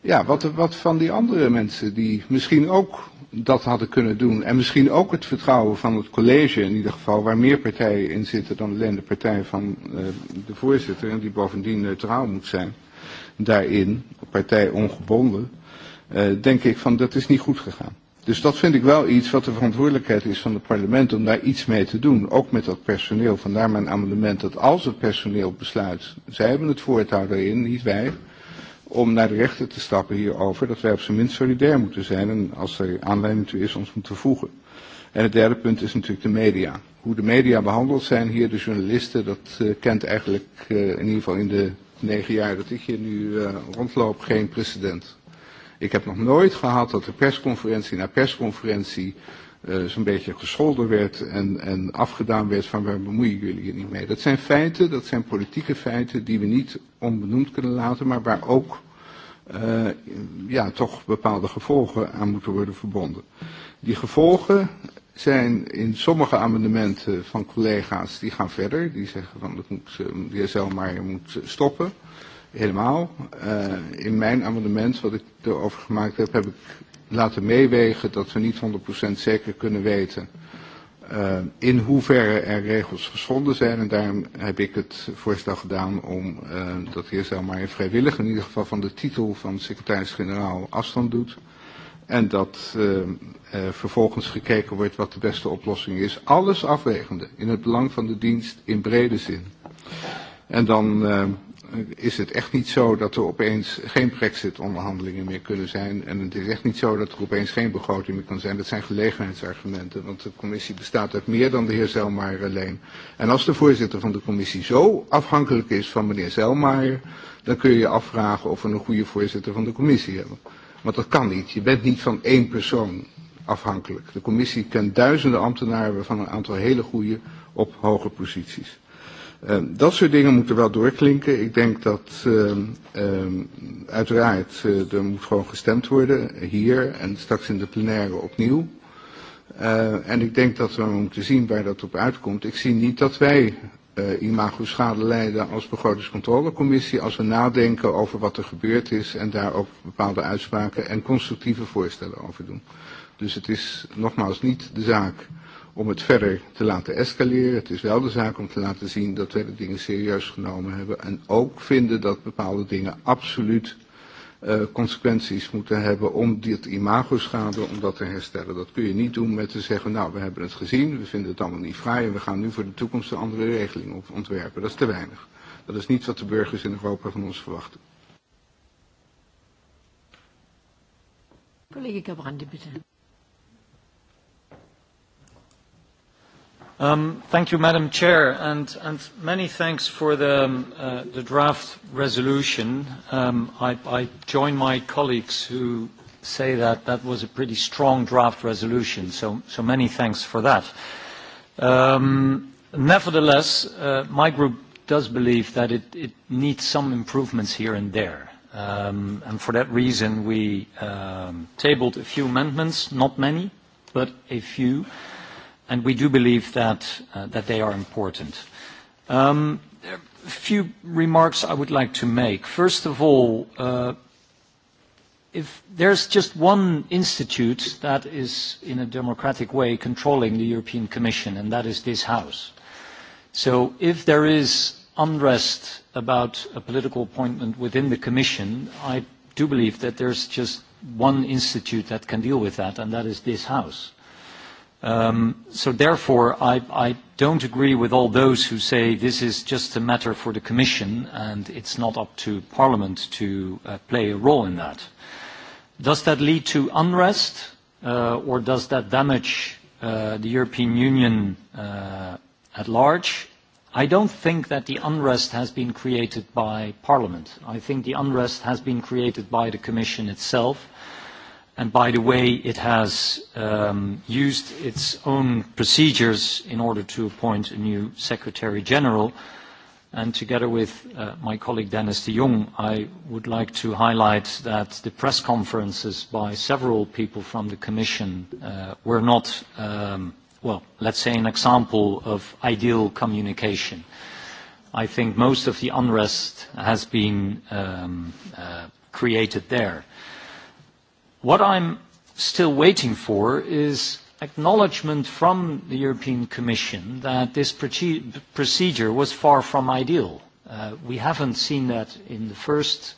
[SPEAKER 6] Ja, wat, wat van die andere mensen die misschien ook dat hadden kunnen doen. En misschien ook het vertrouwen van het college in ieder geval, waar meer partijen in zitten dan alleen de partij van uh, de voorzitter. En die bovendien neutraal moet zijn daarin, partij ongebonden. Uh, denk ik van dat is niet goed gegaan. Dus dat vind ik wel iets wat de verantwoordelijkheid is van het parlement om daar iets mee te doen. Ook met dat personeel. Vandaar mijn amendement dat als het personeel besluit, zij hebben het voortouw daarin, niet wij, om naar de rechter te stappen hierover, dat wij op zijn minst solidair moeten zijn en als er aanleiding toe is ons moeten voegen. En het derde punt is natuurlijk de media. Hoe de media behandeld zijn hier, de journalisten, dat eh, kent eigenlijk eh, in ieder geval in de negen jaar dat ik hier nu uh, rondloop geen precedent. Ik heb nog nooit gehad dat de persconferentie na persconferentie uh, zo'n beetje gescholden werd en, en afgedaan werd van waar bemoeien jullie je niet mee. Dat zijn feiten, dat zijn politieke feiten die we niet onbenoemd kunnen laten, maar waar ook uh, ja, toch bepaalde gevolgen aan moeten worden verbonden. Die gevolgen zijn in sommige amendementen van collega's die gaan verder. Die zeggen van dat moet, eh, de heer Zelmaier moet stoppen helemaal. Eh, in mijn amendement, wat ik erover gemaakt heb, heb ik laten meewegen dat we niet 100% zeker kunnen weten uh, in hoeverre er regels geschonden zijn. En daarom heb ik het voorstel gedaan om uh, dat hier heer maar vrijwillig in ieder geval van de titel van secretaris-generaal afstand doet. En dat uh, uh, vervolgens gekeken wordt wat de beste oplossing is. Alles afwegende in het belang van de dienst in brede zin. En dan is het echt niet zo dat er opeens geen brexit-onderhandelingen meer kunnen zijn. En het is echt niet zo dat er opeens geen begroting meer kan zijn. Dat zijn gelegenheidsargumenten, want de commissie bestaat uit meer dan de heer Zelmaier alleen. En als de voorzitter van de commissie zo afhankelijk is van meneer Zelmaier, dan kun je je afvragen of we een goede voorzitter van de commissie hebben. Want dat kan niet. Je bent niet van één persoon afhankelijk. De commissie kent duizenden ambtenaren van een aantal hele goede op hoge posities. Ehm, dat soort dingen moeten wel doorklinken. Ik denk dat ehm, ehm, uiteraard eh, er moet gewoon gestemd worden hier en straks in de plenaire opnieuw. Uh, en ik denk dat we moeten zien waar dat op uitkomt. Ik zie niet dat wij uh, imago-schade leiden als begrotingscontrolecommissie als we nadenken over wat er gebeurd is en daar ook bepaalde uitspraken en constructieve voorstellen over doen. Dus het is nogmaals niet de zaak om het verder te laten escaleren. Het is wel de zaak om te laten zien dat wij de dingen serieus genomen hebben. En ook vinden dat bepaalde dingen absoluut uh, consequenties moeten hebben om dit imagoschade, om dat te herstellen. Dat kun je niet doen met te zeggen, nou we hebben het gezien, we vinden het allemaal niet vrij en we gaan nu voor de toekomst een andere regeling ontwerpen. Dat is te weinig. Dat is niet wat de burgers in Europa van ons verwachten.
[SPEAKER 1] Collega Brandi, bitte.
[SPEAKER 4] Um, thank you, Madam Chair, and, and many thanks for the, um, uh, the draft resolution. Um, I, I join my colleagues who say that that was a pretty strong draft resolution, so, so many thanks for that. Um, nevertheless, uh, my group does believe that it, it needs some improvements here and there. Um, and for that reason, we um, tabled a few amendments, not many, but a few and we do believe that, uh, they are important. Um, a few remarks I would like to make. First of all, uh, if there's just one institute that is, in a democratic way, controlling the European Commission, and that is this House. So if there is unrest about a political appointment within the Commission, I do believe that there's just one institute that can deal with that, and that is this House. Um, so therefore, I, I don't agree with all those who say this is just a matter for the Commission and it's not up to Parliament to uh, play a role in that. Does that lead to unrest uh, or does that damage uh, the European Union at large? I don't think that the unrest has been created by Parliament. I think the unrest has been created by the Commission itself and by the way it has um, used its own procedures in order to appoint a new secretary general and together with uh, my colleague Dennis de Jong I would like to highlight that the press conferences by several people from the commission uh, were not um, well let's say an example of ideal communication I think most of the unrest has been um, uh, created there What I'm still waiting for is acknowledgement from the European Commission that this procedure was far from ideal. Uh, we haven't seen that in the first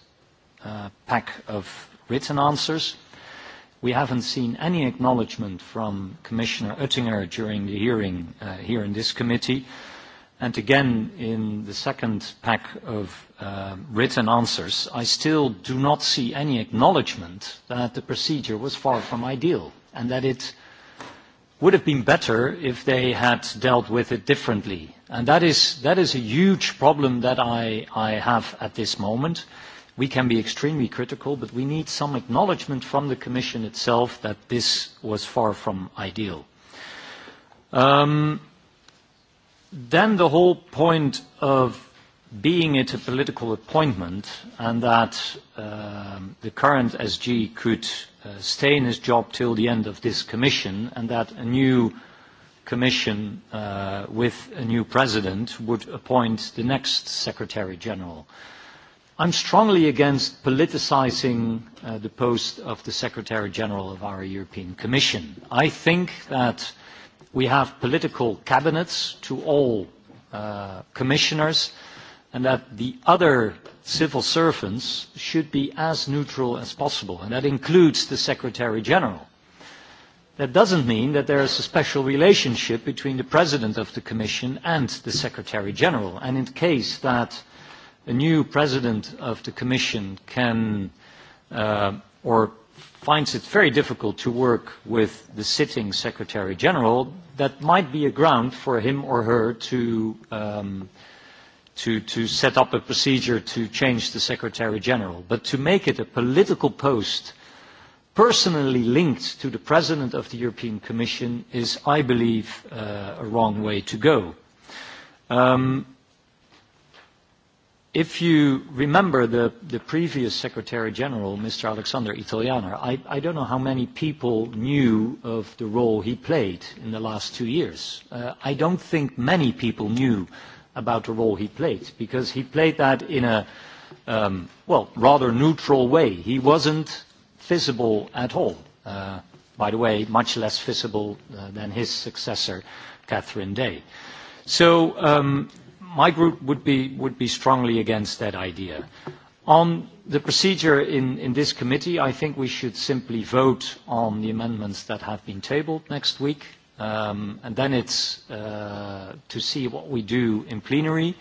[SPEAKER 4] uh, pack of written answers. We haven't seen any acknowledgement from Commissioner Oettinger during the hearing uh, here in this committee. And again, in the second pack of Uh, written answers, I still do not see any acknowledgement that the procedure was far from ideal and that it would have been better if they had dealt with it differently. And that is, that is a huge problem that I, I have at this moment. We can be extremely critical, but we need some acknowledgement from the Commission itself that this was far from ideal. Um, then the whole point of being it a political appointment and that um, the current SG could uh, stay in his job till the end of this commission and that a new commission uh, with a new president would appoint the next secretary general. I'm strongly against politicizing uh, the post of the secretary general of our European Commission. I think that we have political cabinets to all uh, commissioners and that the other civil servants should be as neutral as possible, and that includes the Secretary General. That doesn't mean that there is a special relationship between the President of the Commission and the Secretary General, and in case that a new President of the Commission can uh, or finds it very difficult to work with the sitting Secretary General, that might be a ground for him or her to um, to, to set up a procedure to change the Secretary General, but to make it a political post personally linked to the President of the European Commission is, I believe, uh, a wrong way to go. Um, if you remember the, the previous Secretary General, Mr. Alexander Italiana, I, I don't know how many people knew of the role he played in the last two years. Uh, I don't think many people knew about the role he played, because he played that in a um, well rather neutral way. He wasn't visible at all. Uh, by the way, much less visible uh, than his successor, Catherine Day. So um, my group would be, would be strongly against that idea. On the procedure in, in this committee, I think we should simply vote on the amendments that have been tabled next week. Um, and then it's uh, to see what we do in plenary.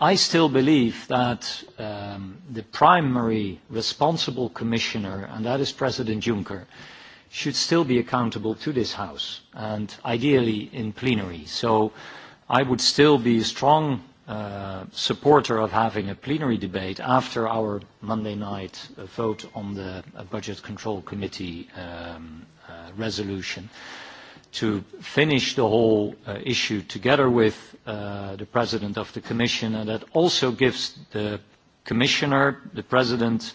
[SPEAKER 4] I still believe that um, the primary responsible commissioner, and that is President Juncker, should still be accountable to this House, and ideally in plenary. So I would still be a strong uh, supporter of having a plenary debate after our Monday night vote on the uh, Budget Control Committee um, uh, resolution to finish the whole uh, issue together with uh, the President of the Commission, and that also gives the Commissioner, the President,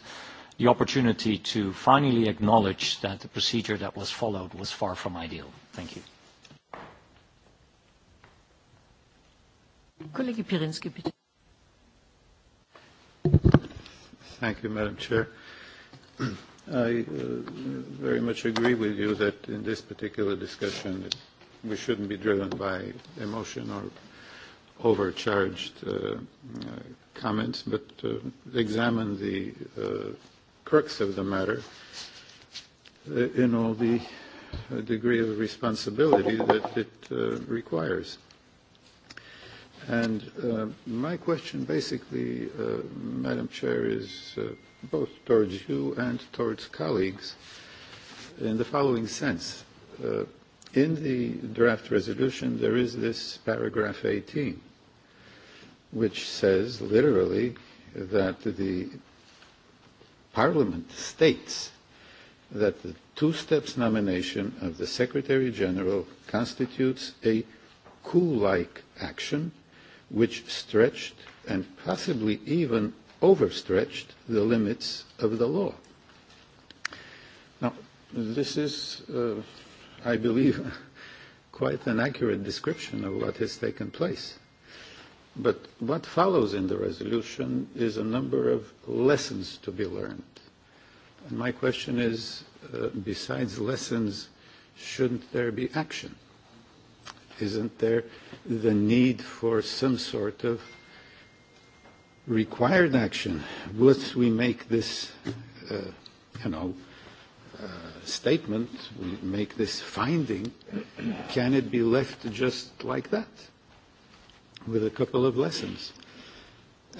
[SPEAKER 4] the opportunity to finally acknowledge that the procedure that was followed was far from ideal. Thank you. Thank you,
[SPEAKER 7] Madam Chair. I uh, very much agree with you that in this particular discussion we shouldn't be driven by emotion or overcharged uh, uh comments, but uh, examine the uh, crux of the matter uh, in all the degree of responsibility that it uh, requires. And uh, my question basically, uh, Madam Chair, is uh, both towards you and towards colleagues in the following sense. Uh, in the draft resolution, there is this paragraph 18, which says literally that the Parliament states that the two steps nomination of the Secretary General constitutes a coup-like action which stretched and possibly even overstretched the limits of the law. Now, this is, uh, I believe, quite an accurate description of what has taken place. But what follows in the resolution is a number of lessons to be learned. And my question is, uh, besides lessons, shouldn't there be action? Isn't there the need for some sort of required action once we make this uh, you know uh, statement we make this finding can it be left just like that with a couple of lessons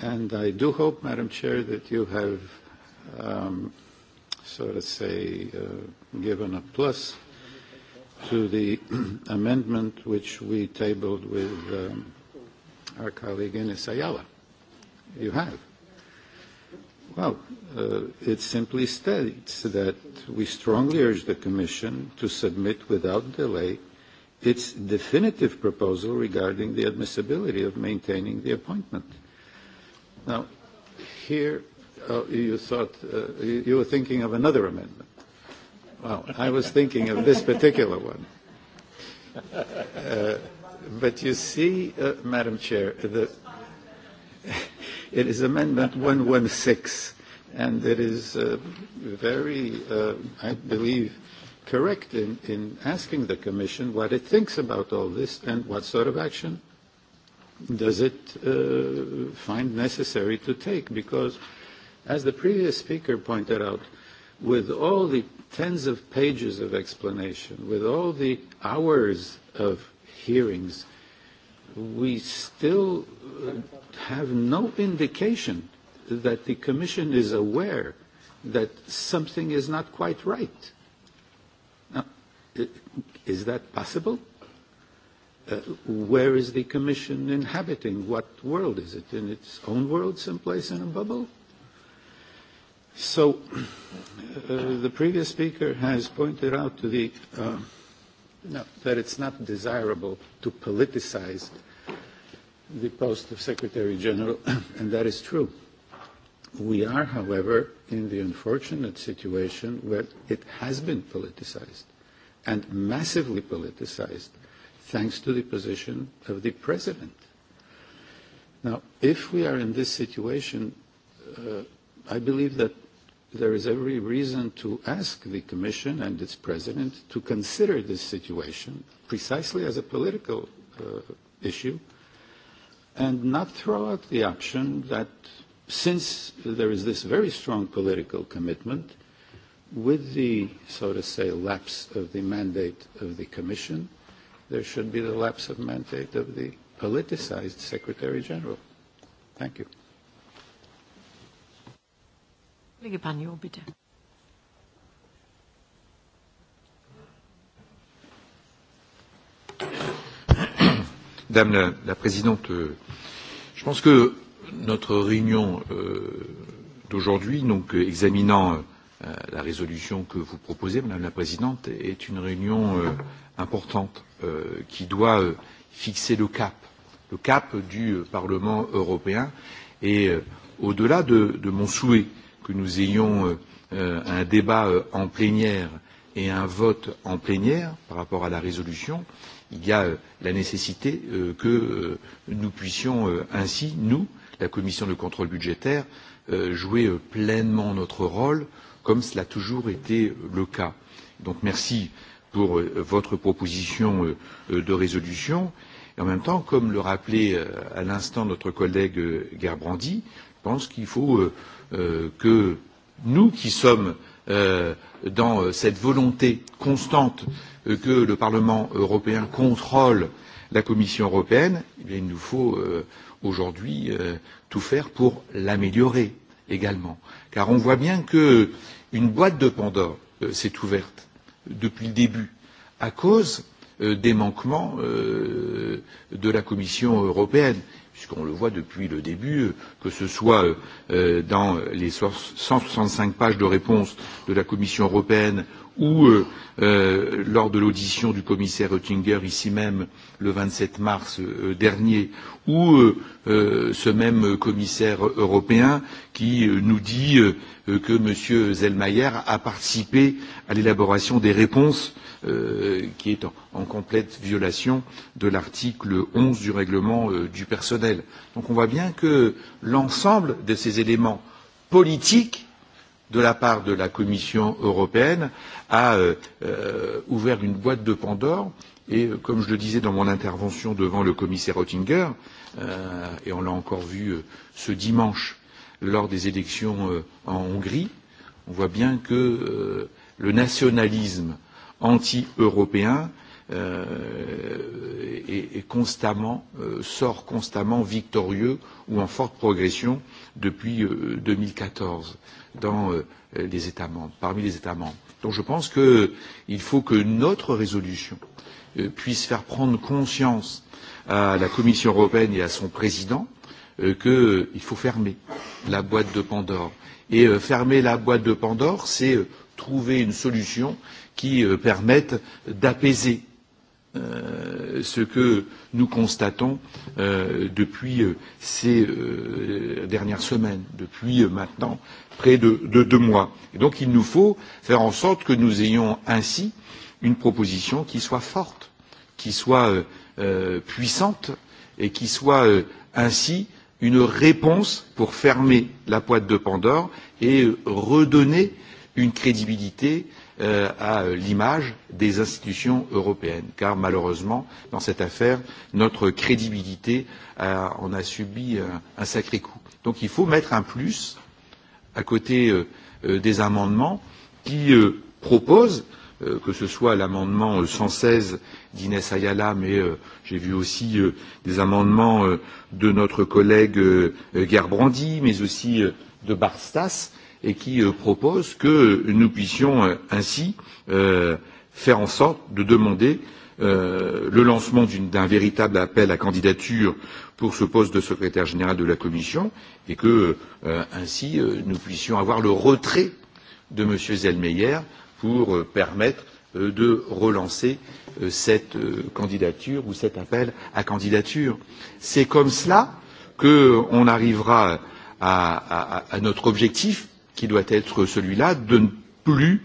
[SPEAKER 7] and i do hope madam chair that you have um, so to say uh, given a plus to the amendment which we tabled with um, our colleague Ines Ayala you have. Well, uh, it simply states that we strongly urge the Commission to submit without delay its definitive proposal regarding the admissibility of maintaining the appointment. Now, here uh, you thought uh, you, were thinking of another amendment. Well, I was thinking of this particular one. Uh, but you see, uh, Madam Chair, the It is Amendment 116, and it is uh, very, uh, I believe, correct in, in asking the Commission what it thinks about all this and what sort of action does it uh, find necessary to take. Because, as the previous speaker pointed out, with all the tens of pages of explanation, with all the hours of hearings, we still have no indication that the Commission is aware that something is not quite right. is that possible? Uh, where is the Commission inhabiting? What world is it? In its own world, someplace in a bubble? So, uh, the previous speaker has pointed out to the, uh, that it's not desirable to politicize the post of Secretary General, and that is true. We are, however, in the unfortunate situation where it has been politicized and massively politicized thanks to the position of the President. Now, if we are in this situation, uh, I believe that there is every reason to ask the Commission and its President to consider this situation precisely as a political uh, issue and not throw out the option that since there is this very strong political commitment, with the, so to say, lapse of the mandate of the Commission, there should be the lapse of mandate of the politicized Secretary General. Thank you.
[SPEAKER 8] Madame la, la Présidente, euh, je pense que notre réunion euh, d'aujourd'hui, donc euh, examinant euh, la résolution que vous proposez, Madame la Présidente, est une réunion euh, importante euh, qui doit fixer le cap, le cap du Parlement européen et au-delà de, de mon souhait que nous ayons un débat en plénière et un vote en plénière par rapport à la résolution, il y a euh, la nécessité euh, que euh, nous puissions ainsi nous la commission de contrôle budgétaire jouer pleinement notre rôle comme cela a toujours été le cas donc merci pour votre proposition de résolution et en même temps comme le rappelait à l'instant notre collègue Gerbrandi je pense qu'il faut que nous qui sommes dans cette volonté constante Euh, que le Parlement européen contrôle la Commission européenne, eh bien, il nous faut euh, aujourd'hui euh, tout faire pour l'améliorer également. Car on voit bien qu'une boîte de Pandore s'est ouverte depuis le début à cause des manquements de la Commission européenne, puisqu'on le voit depuis le début, que ce soit dans les 165 pages de réponse de la Commission européenne ou euh, euh, lors de l'audition du commissaire Oettinger ici même le 27 mars euh, dernier ou ce même commissaire européen qui nous dit que M. Zellmayer a participé à l'élaboration des réponses qui est en, en complète violation de l'article 11 du règlement du personnel. Donc on voit bien que l'ensemble de ces éléments politiques de la part de la Commission européenne a euh, euh ouvert une boîte de Pandore et, euh, comme je le disais dans mon intervention devant le commissaire Oettinger, euh, et on l'a encore vu euh, ce dimanche lors des élections en Hongrie, on voit bien que le nationalisme anti européen est, est constamment sort constamment victorieux ou en forte progression depuis 2014 dans euh, les États membres, parmi les États membres. Donc je pense qu'il faut que notre résolution euh, puisse faire prendre conscience à la Commission européenne et à son président euh, qu'il faut fermer la boîte de Pandore. Et fermer la boîte de Pandore, c'est trouver une solution qui permette d'apaiser Euh, ce que nous constatons euh, depuis euh, ces dernières semaines, depuis maintenant près de, de deux mois. Et donc il nous faut faire en sorte que nous ayons ainsi une proposition qui soit forte, qui soit puissante et qui soit ainsi une réponse pour fermer la boîte de Pandore et redonner une crédibilité Euh, à l'image des institutions européennes car malheureusement dans cette affaire notre crédibilité a, en a subi euh, un, sacré coup. donc il faut mettre un plus à côté euh, des amendements qui proposent que ce soit l'amendement 116 d'Inès Ayala, mais j'ai vu aussi des amendements de notre collègue Gerbrandi, mais aussi de Barstas, et qui euh, propose que nous puissions euh, ainsi euh, faire en sorte de demander le lancement d'un véritable appel à candidature pour ce poste de secrétaire général de la Commission et que ainsi nous puissions avoir le retrait de M. Zellmeyer pour permettre de relancer cette candidature ou cet appel à candidature. C'est comme cela qu'on arrivera à, à notre objectif qui doit être celui-là de ne plus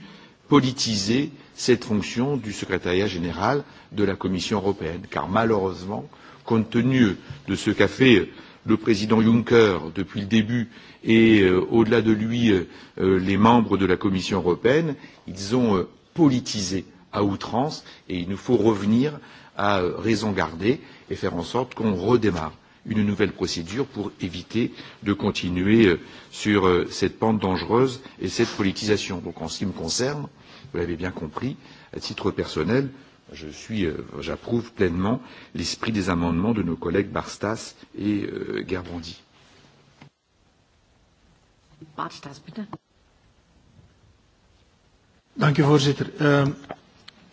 [SPEAKER 8] politiser cette fonction du secrétariat général de la Commission européenne. Car malheureusement, compte tenu de ce qu'a fait euh, le président Juncker depuis le début et euh, au-delà de lui euh, les membres de la Commission européenne, ils ont politisé à outrance et il nous faut revenir à raison garder et faire en sorte qu'on redémarre une nouvelle procédure pour éviter de continuer euh, sur euh, cette pente dangereuse et cette politisation. Donc en ce qui me concerne, vous l'avez bien compris, à titre personnel, je suis, euh, j'approuve pleinement l'esprit des amendements de nos collègues Barstas et
[SPEAKER 9] Gerbrandy.
[SPEAKER 1] Barstas, bitte.
[SPEAKER 9] Dank u voorzitter. Uh,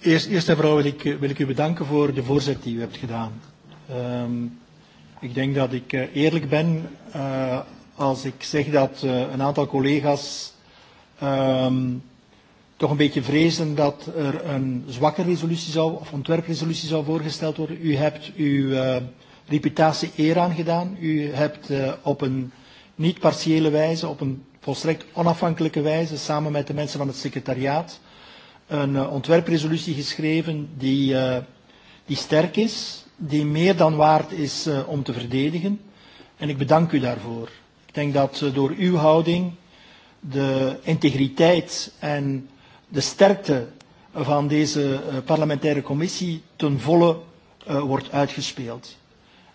[SPEAKER 9] eerst, eerst en vooral wil ik, wil ik u bedanken voor de voorzet die u hebt gedaan. Ehm, Ik denk dat ik eh, eerlijk ben uh, als ik zeg dat uh, een aantal collega's um, toch een beetje vrezen dat er een zwakke resolutie zou, of ontwerpresolutie zou voorgesteld worden. U hebt uw uh, reputatie eer gedaan, U hebt op een niet-partiële wijze, op een volstrekt onafhankelijke wijze, samen met de mensen van het secretariaat, een ontwerpresolutie geschreven die, die sterk is die meer dan waard is eh, om te verdedigen. En ik bedank u daarvoor. Ik denk dat eh, door uw houding de integriteit en de sterkte van deze eh, parlementaire commissie ten volle wordt uitgespeeld.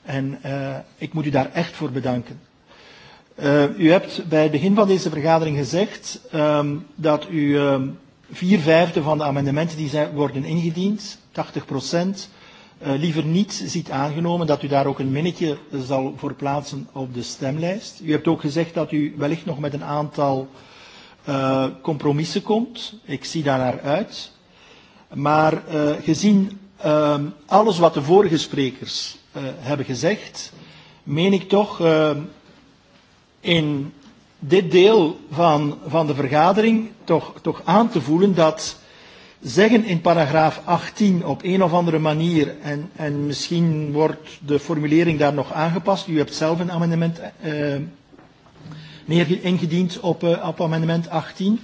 [SPEAKER 9] En uh, ik moet u daar echt voor bedanken. Uh, u hebt bij het begin van deze vergadering gezegd um, dat u um, vier vijfde van de amendementen die zijn, worden ingediend, 80 Eh, liever niet ziet aangenomen, dat u daar ook een minnetje zal voor plaatsen op de stemlijst. U hebt ook gezegd dat u wellicht nog met een aantal uh, compromissen komt. Ik zie daar naar uit. Maar uh, gezien uh, alles wat de vorige sprekers hebben gezegd, meen ik toch ehm, in dit deel van, van de vergadering toch, toch aan te voelen dat zeggen in paragraaf 18 op een of andere manier, en, misschien wordt de formulering daar nog aangepast, u hebt zelf een amendement eh, ingediend op, eh, amendement 18,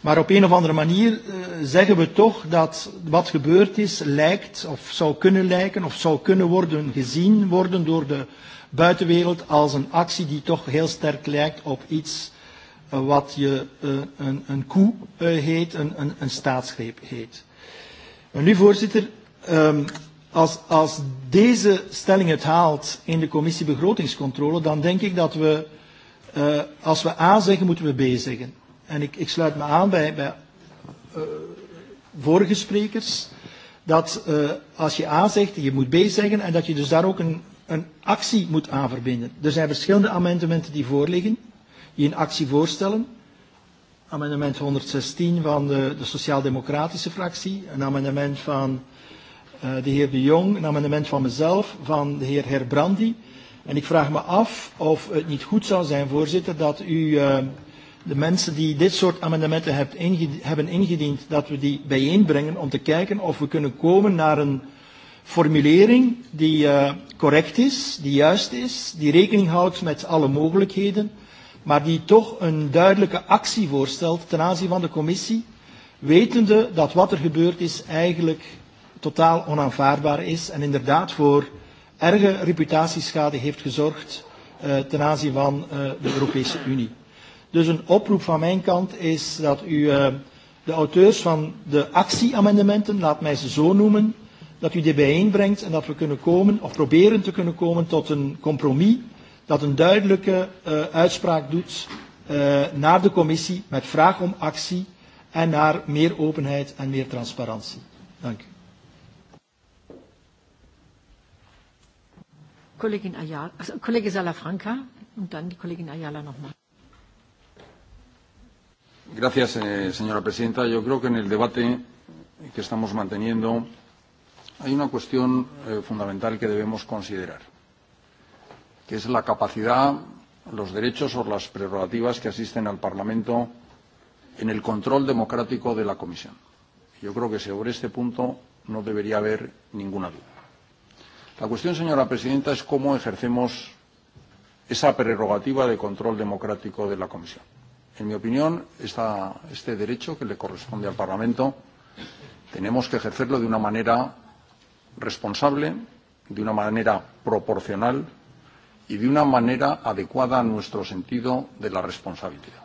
[SPEAKER 9] maar op een of andere manier eh, zeggen we toch dat wat gebeurd is lijkt of zou kunnen lijken of zou kunnen worden gezien worden door de buitenwereld als een actie die toch heel sterk lijkt op iets wat je eh, een, een koe eh, heet, een, een, een staatsgreep heet. En nu, voorzitter, um, als, als deze stelling het haalt in de commissie begrotingscontrole, dan denk ik dat we, uh, als we A zeggen, moeten we B zeggen. En ik, ik sluit me aan bij, bij uh, vorige sprekers, dat uh, als je A zegt, je moet B zeggen en dat je dus daar ook een, een actie moet aanverbinden Er zijn verschillende amendementen die voorliggen in actie voorstellen. Amendement 116 van de, de Sociaal-Democratische fractie. Een amendement van eh, de heer De Jong. Een amendement van mezelf, van de heer Herbrandy, En ik vraag me af of het niet goed zou zijn, voorzitter, dat u eh, de mensen die dit soort amendementen hebt hebben ingediend, dat we die bijeenbrengen om te kijken of we kunnen komen naar een formulering die eh, correct is, die juist is, die rekening houdt met alle mogelijkheden maar die toch een duidelijke actie voorstelt ten aanzien van de commissie, wetende dat wat er gebeurd is eigenlijk totaal onaanvaardbaar is en inderdaad voor erge reputatieschade heeft gezorgd eh, ten aanzien van eh, de Europese Unie. Dus een oproep van mijn kant is dat u eh, de auteurs van de actieamendementen, laat mij ze zo noemen, dat u die bijeenbrengt en dat we kunnen komen, of proberen te kunnen komen tot een compromis dat een duidelijke uh, uitspraak doet uh, naar de commissie met vraag om actie en naar meer openheid en meer transparantie. Dank u.
[SPEAKER 1] Collega Ayala, eh, Salafranca en dan de collega Ayala nogmaals.
[SPEAKER 10] Gracias, eh, señora presidenta. Yo creo que en el debate que estamos manteniendo hay una cuestión eh, fundamental que debemos considerar que es la capacidad, los derechos o las prerrogativas que asisten al Parlamento en el control democrático de la Comisión. Yo creo que sobre este punto no debería haber ninguna duda. La cuestión, señora presidenta, es cómo ejercemos esa prerrogativa de control democrático de la Comisión. En mi opinión, esta, este derecho que le corresponde al Parlamento tenemos que ejercerlo de una manera responsable, de una manera proporcional y de una manera adecuada a nuestro sentido de la responsabilidad.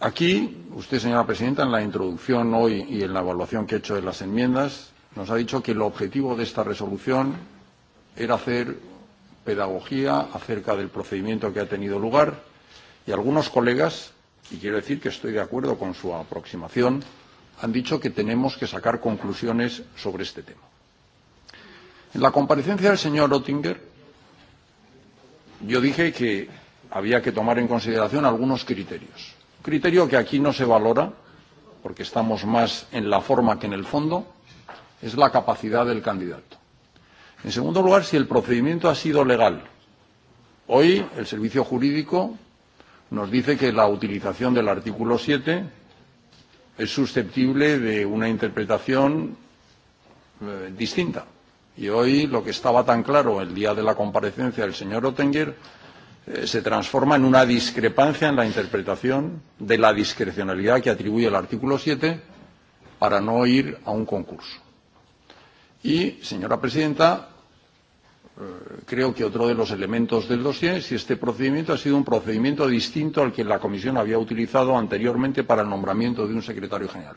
[SPEAKER 10] Aquí, usted, señora presidenta, en la introducción hoy y en la evaluación que he hecho de las enmiendas, nos ha dicho que el objetivo de esta resolución era hacer pedagogía acerca del procedimiento que ha tenido lugar y algunos colegas, y quiero decir que estoy de acuerdo con su aproximación, han dicho que tenemos que sacar conclusiones sobre este tema. En la comparecencia del señor Oettinger, yo dije que había que tomar en consideración algunos criterios. Criterio que aquí no se valora, porque estamos más en la forma que en el fondo, es la capacidad del candidato. En segundo lugar, si el procedimiento ha sido legal. Hoy el servicio jurídico nos dice que la utilización del artículo 7 es susceptible de una interpretación eh, distinta y hoy lo que estaba tan claro el día de la comparecencia del señor Ottinger eh, se transforma en una discrepancia en la interpretación de la discrecionalidad que atribuye el artículo 7 para no ir a un concurso. Y, señora presidenta, eh, creo que otro de los elementos del dossier es si este procedimiento ha sido un procedimiento distinto al que la Comisión había utilizado anteriormente para el nombramiento de un secretario general.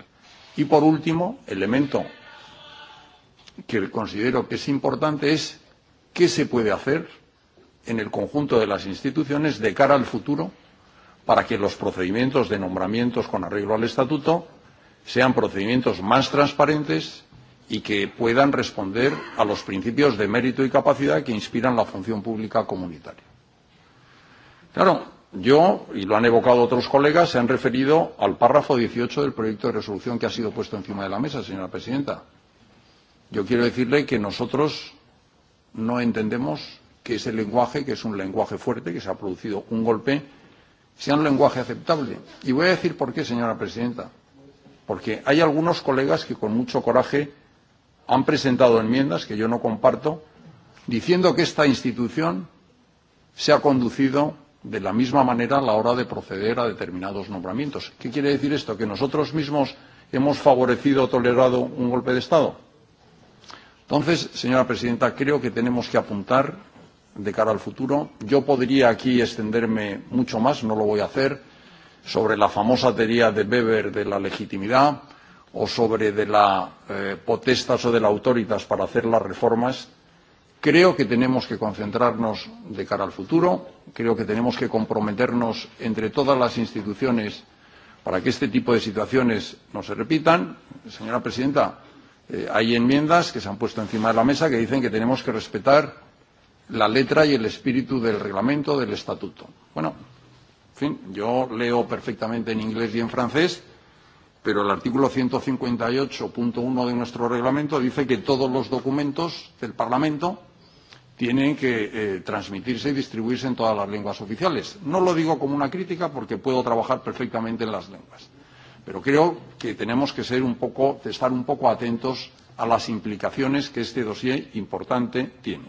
[SPEAKER 10] Y, por último, elemento que considero que es importante es qué se puede hacer en el conjunto de las instituciones de cara al futuro para que los procedimientos de nombramientos con arreglo al estatuto sean procedimientos más transparentes y que puedan responder a los principios de mérito y capacidad que inspiran la función pública comunitaria. Claro, yo, y lo han evocado otros colegas, se han referido al párrafo 18 del proyecto de resolución que ha sido puesto encima de la mesa, señora presidenta Yo quiero decirle que nosotros no entendemos que ese lenguaje, que es un lenguaje fuerte, que se ha producido un golpe, sea un lenguaje aceptable. Y voy a decir por qué, señora presidenta. Porque hay algunos colegas que con mucho coraje han presentado enmiendas que yo no comparto, diciendo que esta institución se ha conducido de la misma manera a la hora de proceder a determinados nombramientos. ¿Qué quiere decir esto? ¿Que nosotros mismos hemos favorecido o tolerado un golpe de Estado? Entonces, señora presidenta, creo que tenemos que apuntar de cara al futuro. Yo podría aquí extenderme mucho más, no lo voy a hacer, sobre la famosa teoría de Weber de la legitimidad o sobre de la eh, potestas o de la autoritas para hacer las reformas. Creo que tenemos que concentrarnos de cara al futuro, creo que tenemos que comprometernos entre todas las instituciones para que este tipo de situaciones no se repitan. Señora presidenta, Eh, hay enmiendas que se han puesto encima de la mesa que dicen que tenemos que respetar la letra y el espíritu del reglamento, del estatuto. Bueno, en fin, yo leo perfectamente en inglés y en francés, pero el artículo 158.1 de nuestro reglamento dice que todos los documentos del Parlamento tienen que eh, transmitirse y distribuirse en todas las lenguas oficiales. No lo digo como una crítica porque puedo trabajar perfectamente en las lenguas Pero creo que tenemos que ser un poco, estar un poco atentos a las implicaciones que este dossier importante tiene.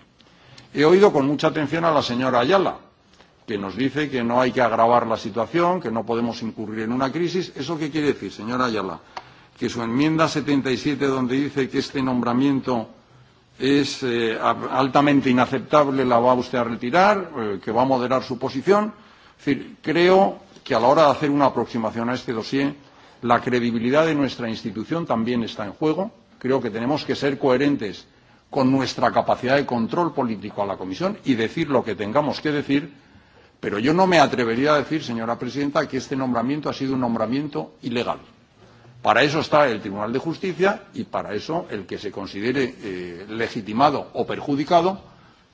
[SPEAKER 10] He oído con mucha atención a la señora Ayala, que nos dice que no hay que agravar la situación, que no podemos incurrir en una crisis. ¿Eso qué quiere decir, señora Ayala? Que su enmienda 77, donde dice que este nombramiento es eh, altamente inaceptable, la va usted a retirar, eh, que va a moderar su posición. Es decir, creo que a la hora de hacer una aproximación a este dossier la credibilidad de nuestra institución también está en juego. Creo que tenemos que ser coherentes con nuestra capacidad de control político a la Comisión y decir lo que tengamos que decir, pero yo no me atrevería a decir, señora presidenta, que este nombramiento ha sido un nombramiento ilegal. Para eso está el Tribunal de Justicia y para eso el que se considere eh, legitimado o perjudicado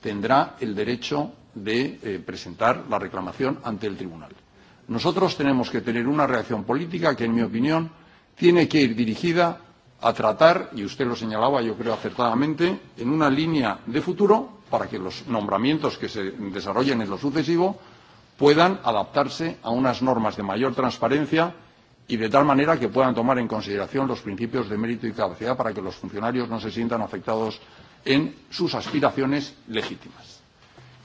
[SPEAKER 10] tendrá el derecho de eh, presentar la reclamación ante el Tribunal nosotros tenemos que tener una reacción política que en mi opinión tiene que ir dirigida a tratar y usted lo señalaba yo creo acertadamente en una línea de futuro para que los nombramientos que se desarrollen en lo sucesivo puedan adaptarse a unas normas de mayor transparencia y de tal manera que puedan tomar en consideración los principios de mérito y capacidad para que los funcionarios no se sientan afectados en sus aspiraciones legítimas.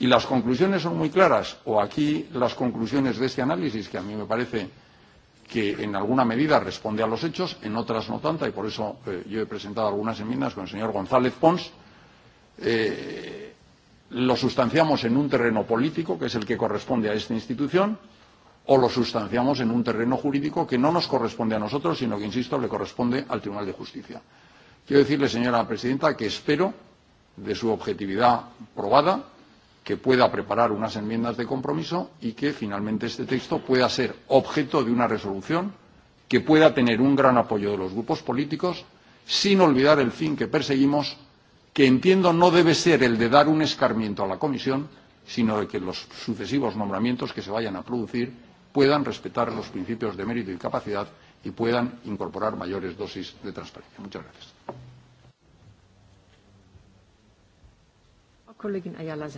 [SPEAKER 10] Y las conclusiones son muy claras, o aquí las conclusiones de este análisis, que a mí me parece que en alguna medida responde a los hechos, en otras no tanta, y por eso eh, yo he presentado algunas enmiendas con el señor González Pons, eh, lo sustanciamos en un terreno político, que es el que corresponde a esta institución, o lo sustanciamos en un terreno jurídico que no nos corresponde a nosotros, sino que, insisto, le corresponde al Tribunal de Justicia. Quiero decirle, señora presidenta, que espero de su objetividad probada que pueda preparar unas enmiendas de compromiso y que finalmente este texto pueda ser objeto de una resolución que pueda tener un gran apoyo de los grupos políticos sin olvidar el fin que perseguimos que entiendo no debe ser el de dar un escarmiento a la comisión sino de que los sucesivos nombramientos que se vayan a producir puedan respetar los principios de mérito y capacidad y puedan incorporar mayores dosis de transparencia. Muchas gracias.
[SPEAKER 3] Ayala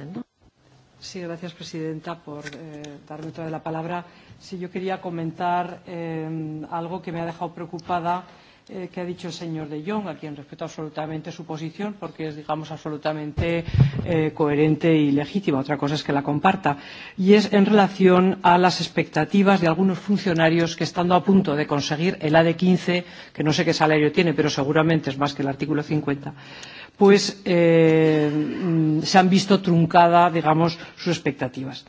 [SPEAKER 3] Sí, gracias, presidenta, por eh, darme toda la palabra. Sí, yo quería comentar eh, algo que me ha dejado preocupada eh, que ha dicho el señor de Jong, a quien respeto absolutamente su posición, porque es, digamos, absolutamente eh, coherente y legítima. Otra cosa es que la comparta. Y es en relación a las expectativas de algunos funcionarios que, estando a punto de conseguir el AD15, que no sé qué salario tiene, pero seguramente es más que el artículo 50, pues eh, mm, se han visto truncadas, digamos, sus expectativas.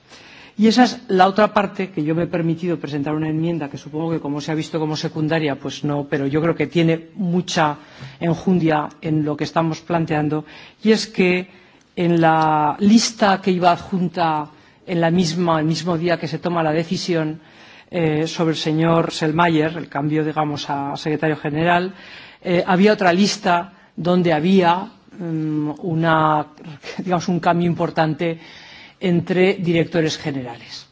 [SPEAKER 3] Y esa es la otra parte que yo me he permitido presentar una enmienda que supongo que como se ha visto como secundaria, pues no, pero yo creo que tiene mucha enjundia en lo que estamos planteando, y es que en la lista que iba adjunta en la misma, el mismo día que se toma la decisión eh, sobre el señor Selmayer, el cambio, digamos, a secretario general, eh, había otra lista donde había mm, una, digamos, un cambio importante entre directores generales.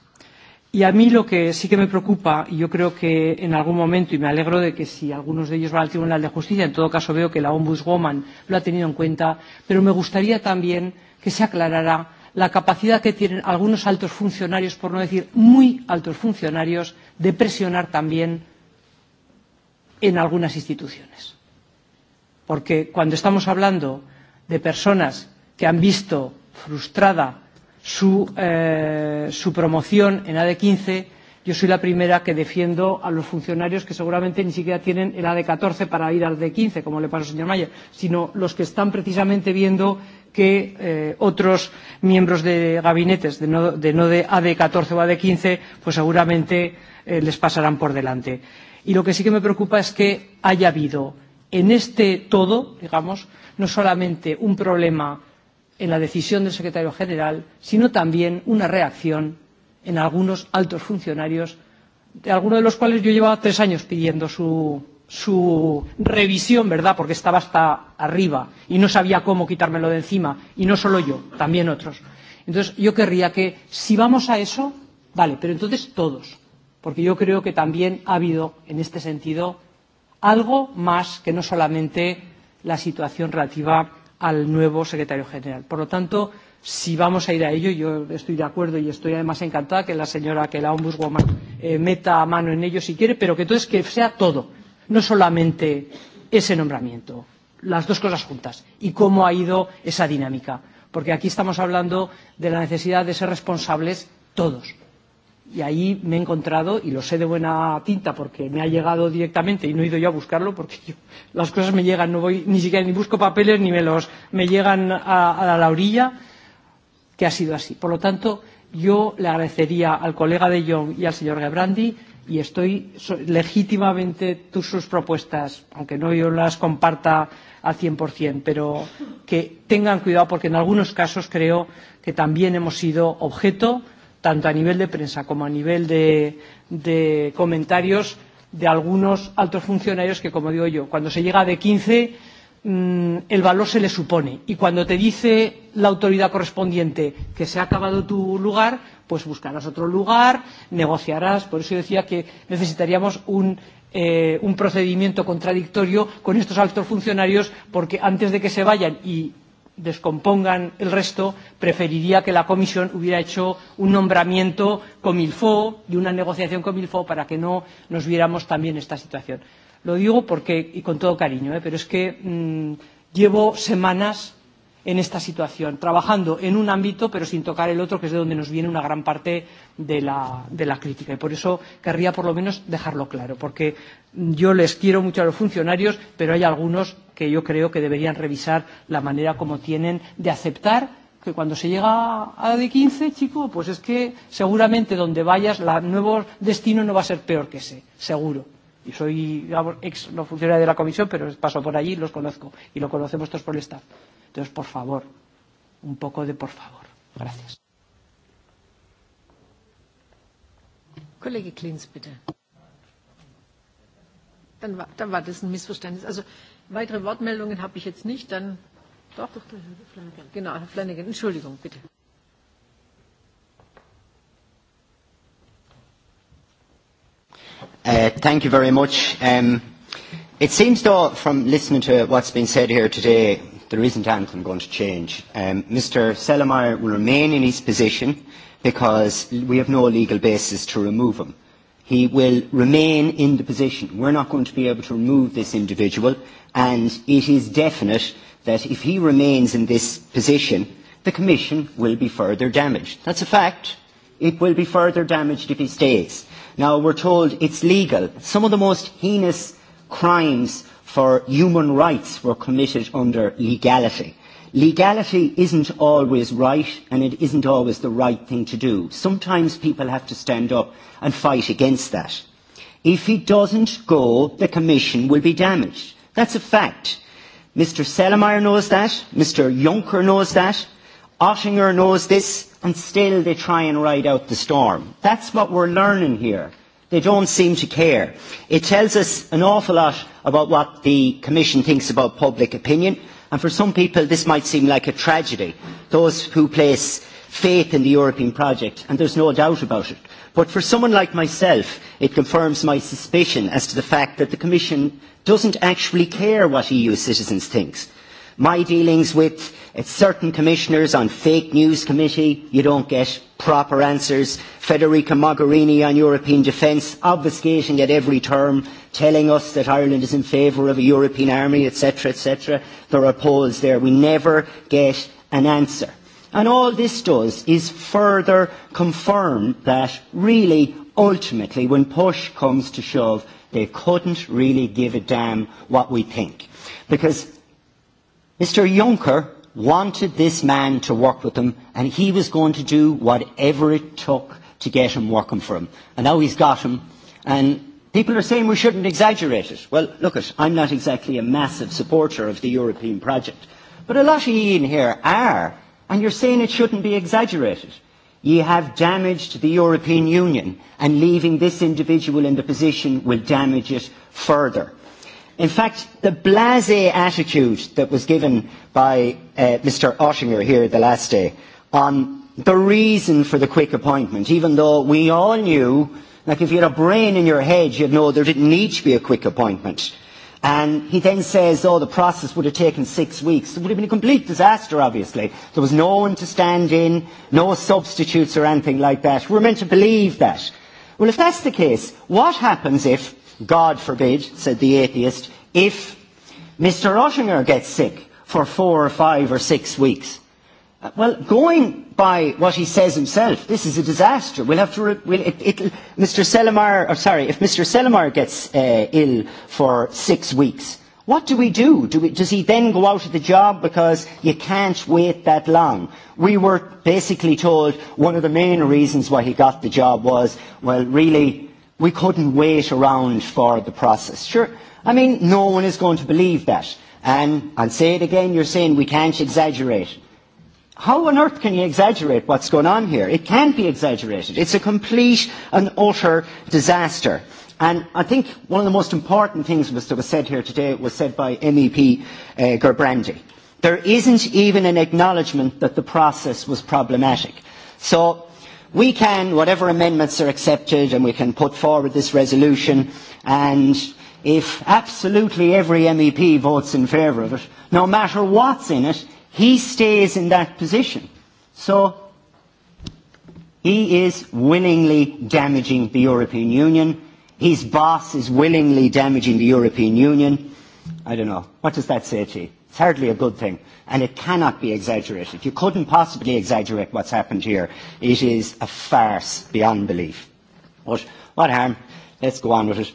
[SPEAKER 3] Y a mí lo que sí que me preocupa, y yo creo que en algún momento, y me alegro de que si algunos de ellos van al Tribunal de Justicia, en todo caso veo que la Ombudswoman lo ha tenido en cuenta, pero me gustaría también que se aclarara la capacidad que tienen algunos altos funcionarios, por no decir muy altos funcionarios, de presionar también en algunas instituciones. Porque cuando estamos hablando de personas que han visto frustrada su, eh, su promoción en AD15. Yo soy la primera que defiendo a los funcionarios que seguramente ni siquiera tienen el AD14 para ir al D15, como le pasó al señor Mayer, sino los que están precisamente viendo que eh, otros miembros de gabinetes de no de, no de AD14 o AD15, pues seguramente eh, les pasarán por delante. Y lo que sí que me preocupa es que haya habido en este todo, digamos, no solamente un problema en la decisión del secretario general, sino también una reacción en algunos altos funcionarios, de algunos de los cuales yo llevaba tres años pidiendo su, su revisión, ¿verdad? Porque estaba hasta arriba y no sabía cómo quitármelo de encima. Y no solo yo, también otros. Entonces, yo querría que, si vamos a eso, vale, pero entonces todos. Porque yo creo que también ha habido, en este sentido, algo más que no solamente la situación relativa al nuevo secretario general. Por lo tanto, si vamos a ir a ello, yo estoy de acuerdo y estoy además encantada que la señora, que la ombudswoman eh, meta mano en ello si quiere, pero que entonces que sea todo, no solamente ese nombramiento, las dos cosas juntas y cómo ha ido esa dinámica. Porque aquí estamos hablando de la necesidad de ser responsables todos Y ahí me he encontrado, y lo sé de buena tinta porque me ha llegado directamente y no he ido yo a buscarlo porque yo, las cosas me llegan, no voy ni siquiera ni busco papeles ni me los me llegan a, a la orilla, que ha sido así. Por lo tanto, yo le agradecería al colega de Jong y al señor Gebrandi y estoy legítimamente tus, sus propuestas, aunque no yo las comparta al 100%, pero que tengan cuidado porque en algunos casos creo que también hemos sido objeto tanto a nivel de prensa como a nivel de, de comentarios de algunos altos funcionarios que, como digo yo, cuando se llega de 15 mm, el valor se le supone y cuando te dice la autoridad correspondiente que se ha acabado tu lugar pues buscarás otro lugar negociarás por eso decía que necesitaríamos un, eh, un procedimiento contradictorio con estos altos funcionarios porque antes de que se vayan y descompongan el resto, preferiría que la Comisión hubiera hecho un nombramiento con Milfo y una negociación con Milfo para que no nos viéramos también esta situación. Lo digo porque, y con todo cariño, ¿eh? pero es que mm, llevo semanas en esta situación, trabajando en un ámbito pero sin tocar el otro, que es de donde nos viene una gran parte de la, de la crítica. Y por eso querría por lo menos dejarlo claro, porque yo les quiero mucho a los funcionarios, pero hay algunos que yo creo que deberían revisar la manera como tienen de aceptar que cuando se llega a de 15, chico, pues es que seguramente donde vayas, el nuevo destino no va a ser peor que ese, seguro. Y soy, digamos, ex no funcionario de la comisión, pero paso por allí, los conozco y lo conocemos todos por el staff. Entonces, por favor, un poco de por favor. Gracias.
[SPEAKER 1] Kollege Klins, bitte. Dann war, dann war das ein Missverständnis. Also weitere Wortmeldungen habe ich jetzt nicht. Dann doch. doch Herr Flanagan. Genau, Herr Flanagan. Entschuldigung, bitte.
[SPEAKER 11] Uh, thank you very much. Um, it seems though from listening to what's been said here today There recent anthem going to change. Um, Mr. Selemeyer will remain in his position because we have no legal basis to remove him. He will remain in the position. We're not going to be able to remove this individual, and it is definite that if he remains in this position, the Commission will be further damaged. That's a fact. It will be further damaged if he stays. Now, we're told it's legal. Some of the most heinous crimes for human rights were committed under legality. Legality isn't always right and it isn't always the right thing to do. Sometimes people have to stand up and fight against that. If he doesn't go, the Commission will be damaged. That's a fact. Mr Selemeyer knows that, Mr Juncker knows that, Ottinger knows this, and still they try and ride out the storm. That's what we're learning here. They don't seem to care. It tells us an awful lot about what the Commission thinks about public opinion, and for some people this might seem like a tragedy, those who place faith in the European project, and there's no doubt about it. But for someone like myself, it confirms my suspicion as to the fact that the Commission doesn't actually care what EU citizens think My dealings with uh, certain commissioners on fake news committee, you don't get proper answers. Federica Mogherini on European defence, obfuscating at every term, telling us that Ireland is in favour of a European army, etc., etc. There are polls there. We never get an answer. And all this does is further confirm that really, ultimately, when push comes to shove, they couldn't really give a damn what we think. Because Mr. Juncker wanted this man to work with him and he was going to do whatever it took to get him working for him. And now he's got him and people are saying we shouldn't exaggerate it. Well, look, it, I'm not exactly a massive supporter of the European project, but a lot of you in here are and you're saying it shouldn't be exaggerated. You have damaged the European Union and leaving this individual in the position will damage it further. In fact, the blasé attitude that was given by uh, Mr. Ottinger here the last day on the reason for the quick appointment, even though we all knew, like if you had a brain in your head, you'd know there didn't need to be a quick appointment. And he then says, oh, the process would have taken six weeks. It would have been a complete disaster, obviously. There was no one to stand in, no substitutes or anything like that. We're meant to believe that. Well, if that's the case, what happens if God forbid, said the atheist, if Mr. Ottinger gets sick for four or five or six weeks. Uh, well, going by what he says himself, this is a disaster. We'll have to, re we'll, it, it, Mr. Selimar, or oh, sorry, if Mr. Selimar gets uh, ill for six weeks, what do we do? do we, does he then go out of the job because you can't wait that long? We were basically told one of the main reasons why he got the job was, well, really, We couldn't wait around for the process. Sure, I mean, no one is going to believe that. And I'll say it again, you're saying we can't exaggerate. How on earth can you exaggerate what's going on here? It can't be exaggerated. It's a complete and utter disaster. And I think one of the most important things that was said here today was said by MEP uh, Gerbrandy. There isn't even an acknowledgement that the process was problematic. So we can, whatever amendments are accepted, and we can put forward this resolution, and if absolutely every MEP votes in favour of it, no matter what's in it, he stays in that position. So he is willingly damaging the European Union. His boss is willingly damaging the European Union. I don't know. What does that say to you? It's hardly a good thing, and it cannot be exaggerated. You couldn't possibly exaggerate what's happened here. It is a farce beyond belief. But what harm? Let's go on with it.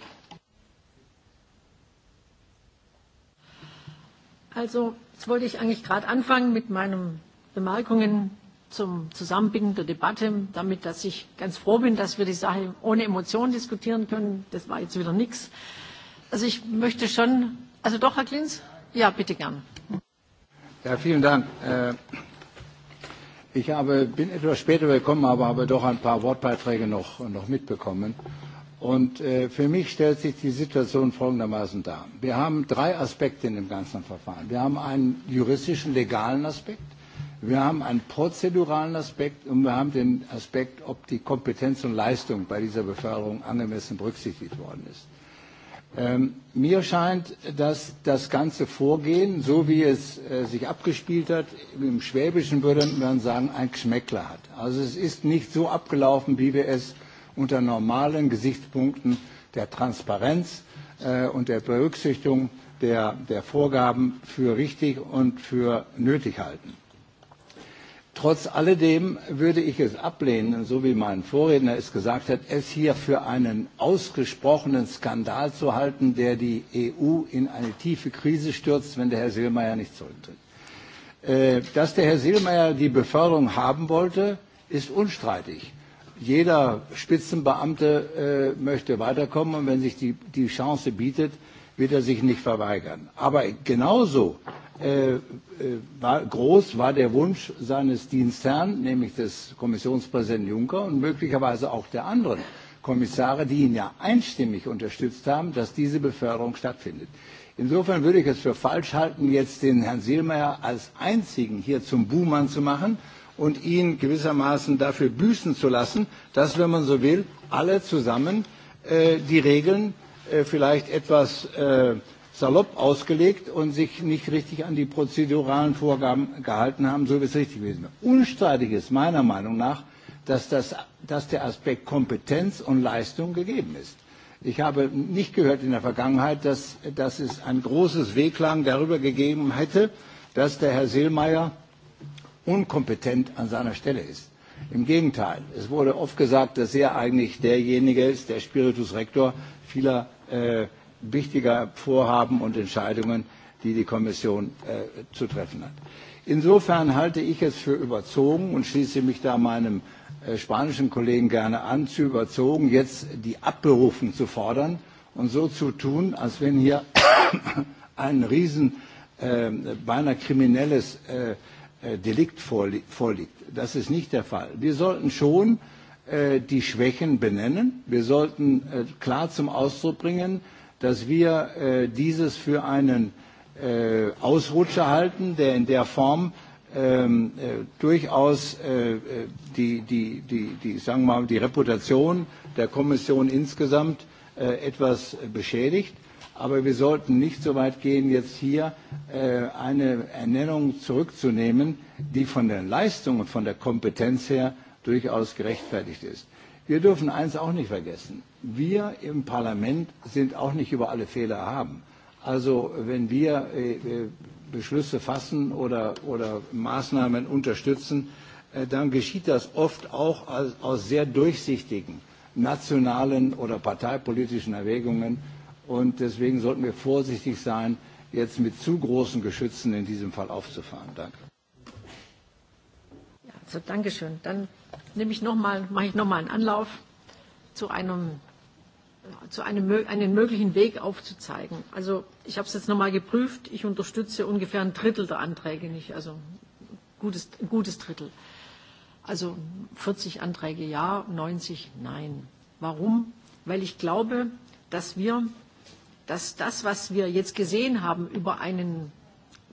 [SPEAKER 1] Also, jetzt wollte ich eigentlich gerade anfangen mit meinen Bemerkungen zum Zusammenbinden der Debatte, damit dass ich ganz froh bin, dass wir die Sache ohne Emotionen diskutieren können. Das war jetzt wieder nichts. Also ich möchte schon, also doch, Herr Klins? Ja, bitte gern.
[SPEAKER 12] Ja, vielen Dank. Äh, ich habe, bin etwas später gekommen, aber habe doch ein paar Wortbeiträge noch, noch mitbekommen. Und äh, für mich stellt sich die Situation folgendermaßen dar. Wir haben drei Aspekte in dem ganzen Verfahren. Wir haben einen juristischen, legalen Aspekt, wir haben einen prozeduralen Aspekt und wir haben den Aspekt, ob die Kompetenz und Leistung bei dieser Beförderung angemessen berücksichtigt worden ist. Ähm, mir scheint, dass das ganze Vorgehen, so wie es äh, sich abgespielt hat, im Schwäbischen würde man sagen, ein Geschmäckler hat. Also es ist nicht so abgelaufen, wie wir es unter normalen Gesichtspunkten der Transparenz äh, und der Berücksichtigung der, der Vorgaben für richtig und für nötig halten. Trotz alledem würde ich es ablehnen, so wie mein Vorredner es gesagt hat, es hier für einen ausgesprochenen Skandal zu halten, der die EU in eine tiefe Krise stürzt, wenn der Herr Seelmeier nicht zurücktritt. Äh, dass der Herr Seelmeier die Beförderung haben wollte, ist unstreitig. Jeder Spitzenbeamte äh, möchte weiterkommen und wenn sich die Chance bietet, wird er sich nicht verweigern. Aber genauso Äh, äh, war, groß war der Wunsch seines Dienstherrn, nämlich des Kommissionspräsidenten Juncker und möglicherweise auch der anderen Kommissare, die ihn ja einstimmig unterstützt haben, dass diese Beförderung stattfindet. Insofern würde ich es für falsch halten, jetzt den Herrn Seelmeier als einzigen hier zum Buhmann zu machen und ihn gewissermaßen dafür büßen zu lassen, dass, wenn man so will, alle zusammen äh, die Regeln äh, vielleicht etwas äh, salopp ausgelegt und sich nicht richtig an die prozeduralen Vorgaben gehalten haben, so wie es richtig gewesen wäre. Unstreitig ist meiner Meinung nach, dass, das, dass der Aspekt Kompetenz und Leistung gegeben ist. Ich habe nicht gehört in der Vergangenheit, dass, dass es ein großes Wehklang darüber gegeben hätte, dass der Herr Seelmeier unkompetent an seiner Stelle ist. Im Gegenteil, es wurde oft gesagt, dass er eigentlich derjenige ist, der Spiritus Rector vieler äh, wichtiger Vorhaben und Entscheidungen, die die Kommission äh, zu treffen hat. Insofern halte ich es für überzogen und schließe mich da meinem äh, spanischen Kollegen gerne an, zu überzogen, jetzt die Abberufung zu fordern und so zu tun, als wenn hier ein riesen, äh, beinahe kriminelles Delikt vorliegt. Das ist nicht der Fall. Wir sollten schon die Schwächen benennen. Wir sollten klar zum Ausdruck bringen, dass wir äh, dieses für einen äh, Ausrutscher halten, der in der Form ähm, äh, durchaus äh, die, die, die, die, sagen wir mal, die Reputation der Kommission insgesamt äh, etwas beschädigt. Aber wir sollten nicht so weit gehen, jetzt hier äh, eine Ernennung zurückzunehmen, die von der Leistung und von der Kompetenz her durchaus gerechtfertigt ist. Wir dürfen eins auch nicht vergessen. Wir im Parlament sind auch nicht über alle Fehler haben. Also wenn wir äh, äh, Beschlüsse fassen oder, oder Maßnahmen unterstützen, äh, dann geschieht das oft auch aus sehr durchsichtigen nationalen oder parteipolitischen Erwägungen. Und deswegen sollten wir vorsichtig sein, jetzt mit zu großen Geschützen in diesem Fall aufzufahren. Danke.
[SPEAKER 1] So, danke schön. Dann nehme ich noch mal, mache ich nochmal einen Anlauf, zu einem, zu einem, einen möglichen Weg aufzuzeigen. Also ich habe es jetzt noch mal geprüft. Ich unterstütze ungefähr ein Drittel der Anträge nicht, also gutes, ein gutes Drittel. Also 40 Anträge ja, 90 nein. Warum? Weil ich glaube, dass wir, dass das, was wir jetzt gesehen haben über einen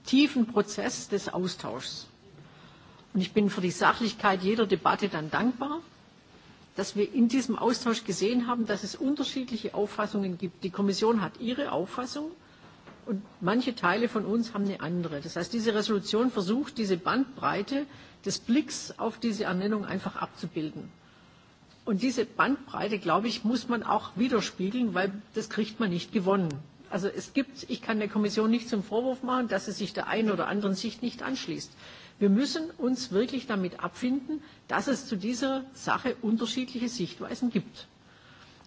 [SPEAKER 1] tiefen Prozess des Austauschs, Und ich bin für die Sachlichkeit jeder Debatte dann dankbar, dass wir in diesem Austausch gesehen haben, dass es unterschiedliche Auffassungen gibt. Die Kommission hat ihre Auffassung und manche Teile von uns haben eine andere. Das heißt, diese Resolution versucht, diese Bandbreite des Blicks auf diese Ernennung einfach abzubilden. Und diese Bandbreite, glaube ich, muss man auch widerspiegeln, weil das kriegt man nicht gewonnen. Also es gibt, ich kann der Kommission nicht zum Vorwurf machen, dass sie sich der einen oder anderen Sicht nicht anschließt. Wir müssen uns wirklich damit abfinden, dass es zu dieser Sache unterschiedliche Sichtweisen gibt.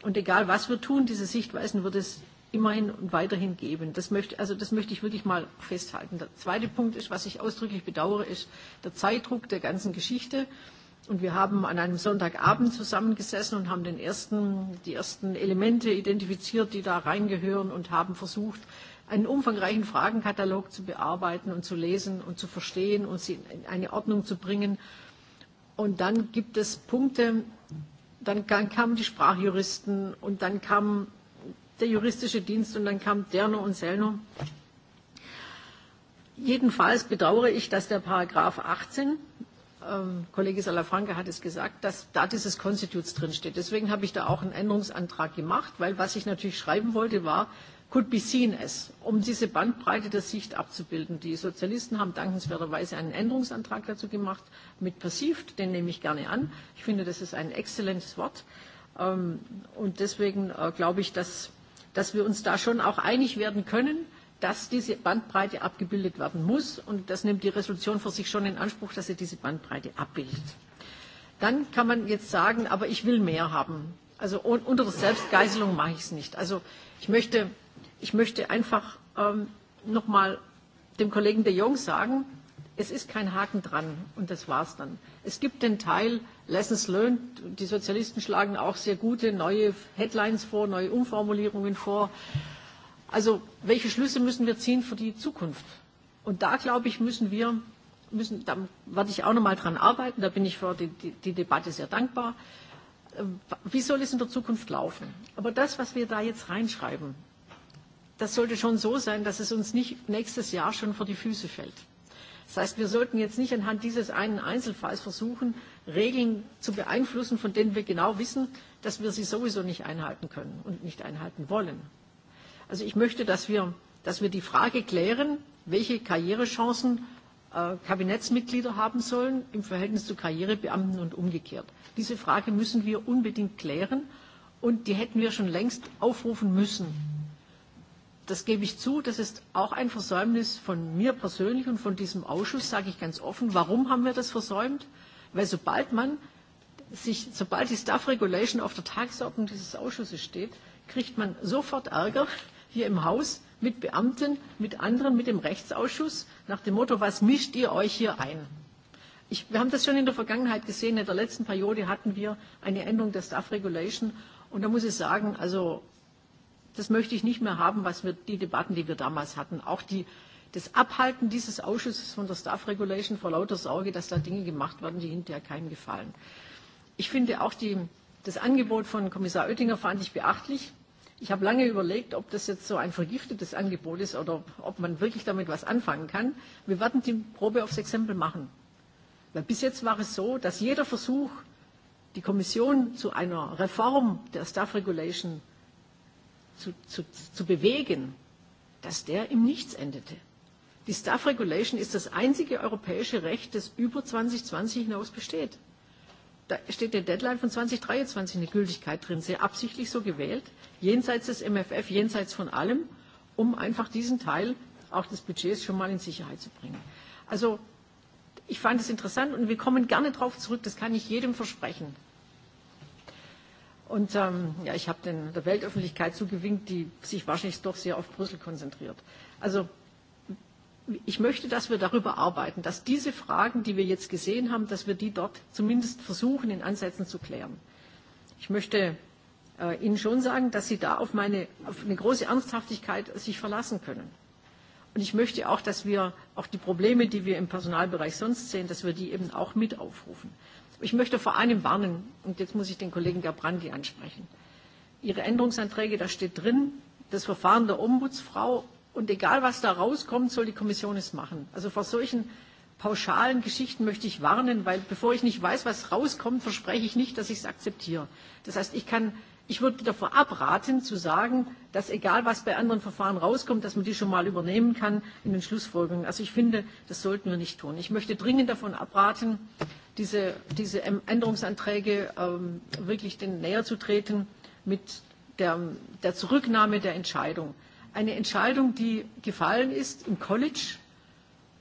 [SPEAKER 1] Und egal was wir tun, diese Sichtweisen wird es immerhin und weiterhin geben. Das möchte, also das möchte ich wirklich mal festhalten. Der zweite Punkt ist, was ich ausdrücklich bedauere, ist der Zeitdruck der ganzen Geschichte. Und wir haben an einem Sonntagabend zusammengesessen und haben den ersten, die ersten Elemente identifiziert, die da reingehören und haben versucht, einen umfangreichen Fragenkatalog zu bearbeiten und zu lesen und zu verstehen und sie in eine Ordnung zu bringen. Und dann gibt es Punkte, dann kamen die Sprachjuristen und dann kam der juristische Dienst und dann kam Derno und Selno. Jedenfalls bedauere ich, dass der Paragraph 18, ähm, Kollege Salafranca hat es gesagt, dass da dieses Konstituts drinsteht. Deswegen habe ich da auch einen Änderungsantrag gemacht, weil was ich natürlich schreiben wollte war, could be seen as, um diese Bandbreite der Sicht abzubilden. Die Sozialisten haben dankenswerterweise einen Änderungsantrag dazu gemacht mit Passiv, den nehme ich gerne an. Ich finde, das ist ein exzellentes Wort. Ähm, und deswegen äh, glaube ich, dass, wir uns da schon auch einig werden können, dass diese Bandbreite abgebildet werden muss. Und das nimmt die Resolution für sich schon in Anspruch, dass sie diese Bandbreite abbildet. Dann kann man jetzt sagen, aber ich will mehr haben. Also unter der Selbstgeiselung mache ich es nicht. Also ich möchte Ich möchte einfach ähm, noch mal dem Kollegen de Jong sagen, es ist kein Haken dran und das war's dann. Es gibt den Teil Lessons learned. Die Sozialisten schlagen auch sehr gute neue Headlines vor, neue Umformulierungen vor. Also welche Schlüsse müssen wir ziehen für die Zukunft? Und da, glaube ich, müssen wir, müssen, da werde ich auch noch mal dran arbeiten, da bin ich für die, die, die Debatte sehr dankbar. Ähm, wie soll es in der Zukunft laufen? Aber das, was wir da jetzt reinschreiben, das sollte schon so sein, dass es uns nicht nächstes Jahr schon vor die Füße fällt. Das heißt, wir sollten jetzt nicht anhand dieses einen Einzelfalls versuchen, Regeln zu beeinflussen, von denen wir genau wissen, dass wir sie sowieso nicht einhalten können und nicht einhalten wollen. Also ich möchte, dass wir, dass wir die Frage klären, welche Karrierechancen äh, Kabinettsmitglieder haben sollen im Verhältnis zu Karrierebeamten und umgekehrt. Diese Frage müssen wir unbedingt klären und die hätten wir schon längst aufrufen müssen das gebe ich zu, das ist auch ein Versäumnis von mir persönlich und von diesem Ausschuss, sage ich ganz offen. Warum haben wir das versäumt? Weil sobald man sich, sobald die Staff Regulation auf der Tagesordnung dieses Ausschusses steht, kriegt man sofort Ärger hier im Haus mit Beamten, mit anderen, mit dem Rechtsausschuss, nach dem Motto, was mischt ihr euch hier ein? wir haben das schon in der Vergangenheit gesehen, in der letzten Periode hatten wir eine Änderung der Staff Regulation und da muss ich sagen, also Das möchte ich nicht mehr haben, was wir, die Debatten, die wir damals hatten. Auch die, das Abhalten dieses Ausschusses von der Staff Regulation vor lauter Sorge, dass da Dinge gemacht werden, die hinterher keinem gefallen. Ich finde auch die, das Angebot von Kommissar Oettinger fand ich beachtlich. Ich habe lange überlegt, ob das jetzt so ein vergiftetes Angebot ist oder ob man wirklich damit was anfangen kann. Wir werden die Probe aufs Exempel machen. Weil bis jetzt war es so, dass jeder Versuch, die Kommission zu einer Reform der Staff Regulation zu, zu, zu bewegen, dass der im Nichts endete. Die Staff Regulation ist das einzige europäische Recht, das über 2020 hinaus besteht. Da steht eine Deadline von 2023 eine Gültigkeit drin, sehr absichtlich so gewählt, jenseits des MFF, jenseits von allem, um einfach diesen Teil auch des Budgets schon mal in Sicherheit zu bringen. Also ich fand es interessant und wir kommen gerne darauf zurück, das kann ich jedem versprechen. Und ähm, ja, ich habe der Weltöffentlichkeit zugewinkt, die sich wahrscheinlich doch sehr auf Brüssel konzentriert. Also ich möchte, dass wir darüber arbeiten, dass diese Fragen, die wir jetzt gesehen haben, dass wir die dort zumindest versuchen, in Ansätzen zu klären. Ich möchte äh, Ihnen schon sagen, dass Sie da auf, meine, auf eine große Ernsthaftigkeit sich verlassen können. Und ich möchte auch, dass wir auch die Probleme, die wir im Personalbereich sonst sehen, dass wir die eben auch mit aufrufen. Ich möchte vor einem warnen, und jetzt muss ich den Kollegen Gabrandi ansprechen. Ihre Änderungsanträge, da steht drin, das Verfahren der Ombudsfrau und egal was da rauskommt, soll die Kommission es machen. Also vor solchen pauschalen Geschichten möchte ich warnen, weil bevor ich nicht weiß, was rauskommt, verspreche ich nicht, dass ich es akzeptiere. Das heißt, ich kann ich würde davor abraten zu sagen dass egal was bei anderen verfahren rauskommt dass man die schon mal übernehmen kann in den schlussfolgerungen. also ich finde das sollten wir nicht tun. ich möchte dringend davon abraten diese, diese Änderungsanträge ähm, wirklich den näher zu treten mit der, der Zurücknahme der Entscheidung. Eine Entscheidung, die gefallen ist im College,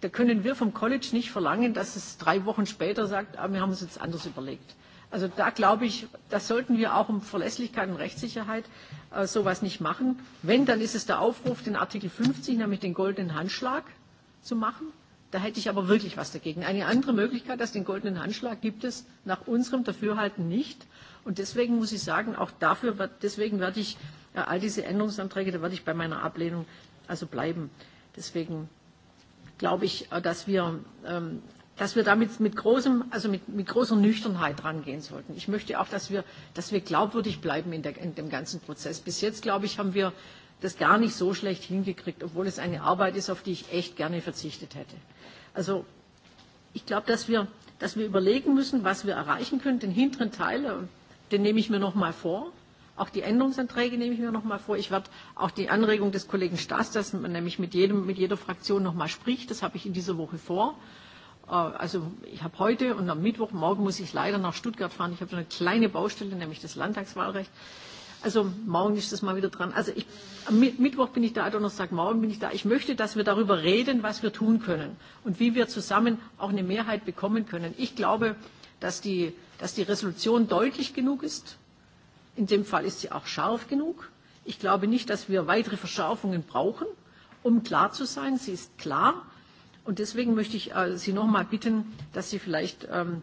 [SPEAKER 1] da können wir vom College nicht verlangen, dass es drei Wochen später sagt, ah, wir haben uns jetzt anders überlegt. Also da glaube ich, das sollten wir auch um Verlässlichkeit und Rechtssicherheit äh, sowas nicht machen. Wenn, dann ist es der Aufruf, den Artikel 50, nämlich den goldenen Handschlag zu machen da hätte ich aber wirklich was dagegen. Eine andere Möglichkeit als den goldenen Handschlag gibt es nach unserem Dafürhalten nicht. Und deswegen muss ich sagen, auch dafür, wird, deswegen werde ich äh, all diese Änderungsanträge, da werde ich bei meiner Ablehnung also bleiben. Deswegen glaube ich, äh, dass wir, ähm, dass wir damit mit, großem, also mit, mit großer Nüchternheit rangehen sollten. Ich möchte auch, dass wir, dass wir glaubwürdig bleiben in, der, in dem ganzen Prozess. Bis jetzt, glaube ich, haben wir das gar nicht so schlecht hingekriegt, obwohl es eine Arbeit ist, auf die ich echt gerne verzichtet hätte. Also ich glaube, dass wir, dass wir überlegen müssen, was wir erreichen können. Den hinteren Teil, äh, den nehme ich mir noch mal vor. Auch die Änderungsanträge nehme ich mir noch mal vor. Ich werde auch die Anregung des Kollegen Staas, dass man nämlich mit, jedem, mit jeder Fraktion noch mal spricht, das habe ich in dieser Woche vor. Äh, also ich habe heute und am Mittwoch, morgen muss ich leider nach Stuttgart fahren. Ich habe so eine kleine Baustelle, nämlich das Landtagswahlrecht. Also morgen ist es mal wieder dran. Also ich, am Mittwoch bin ich da, morgen bin ich da. Ich möchte, dass wir darüber reden, was wir tun können und wie wir zusammen auch eine Mehrheit bekommen können. Ich glaube, dass die, dass die Resolution deutlich genug ist. In dem Fall ist sie auch scharf genug. Ich glaube nicht, dass wir weitere Verschärfungen brauchen, um klar zu sein. Sie ist klar. Und deswegen möchte ich äh, Sie noch mal bitten, dass Sie vielleicht ähm,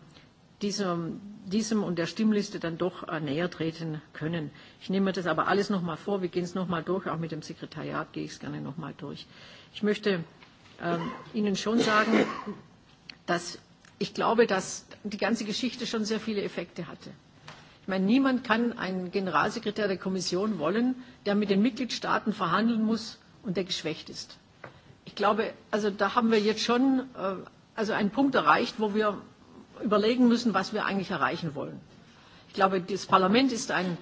[SPEAKER 1] diesem, diesem und der Stimmliste dann doch äh, näher treten können. Ich nehme mir das aber alles noch mal vor. Wir gehen es noch mal durch. Auch mit dem Sekretariat gehe ich es gerne noch mal durch. Ich möchte ähm, Ihnen schon sagen, dass ich glaube, dass die ganze Geschichte schon sehr viele Effekte hatte. Ich meine, niemand kann einen Generalsekretär der Kommission wollen, der mit den Mitgliedstaaten verhandeln muss und der geschwächt ist. Ich glaube, also da haben wir jetzt schon äh, also einen Punkt erreicht, wo wir überlegen müssen, was wir eigentlich erreichen wollen. Ich glaube, das Parlament ist ein,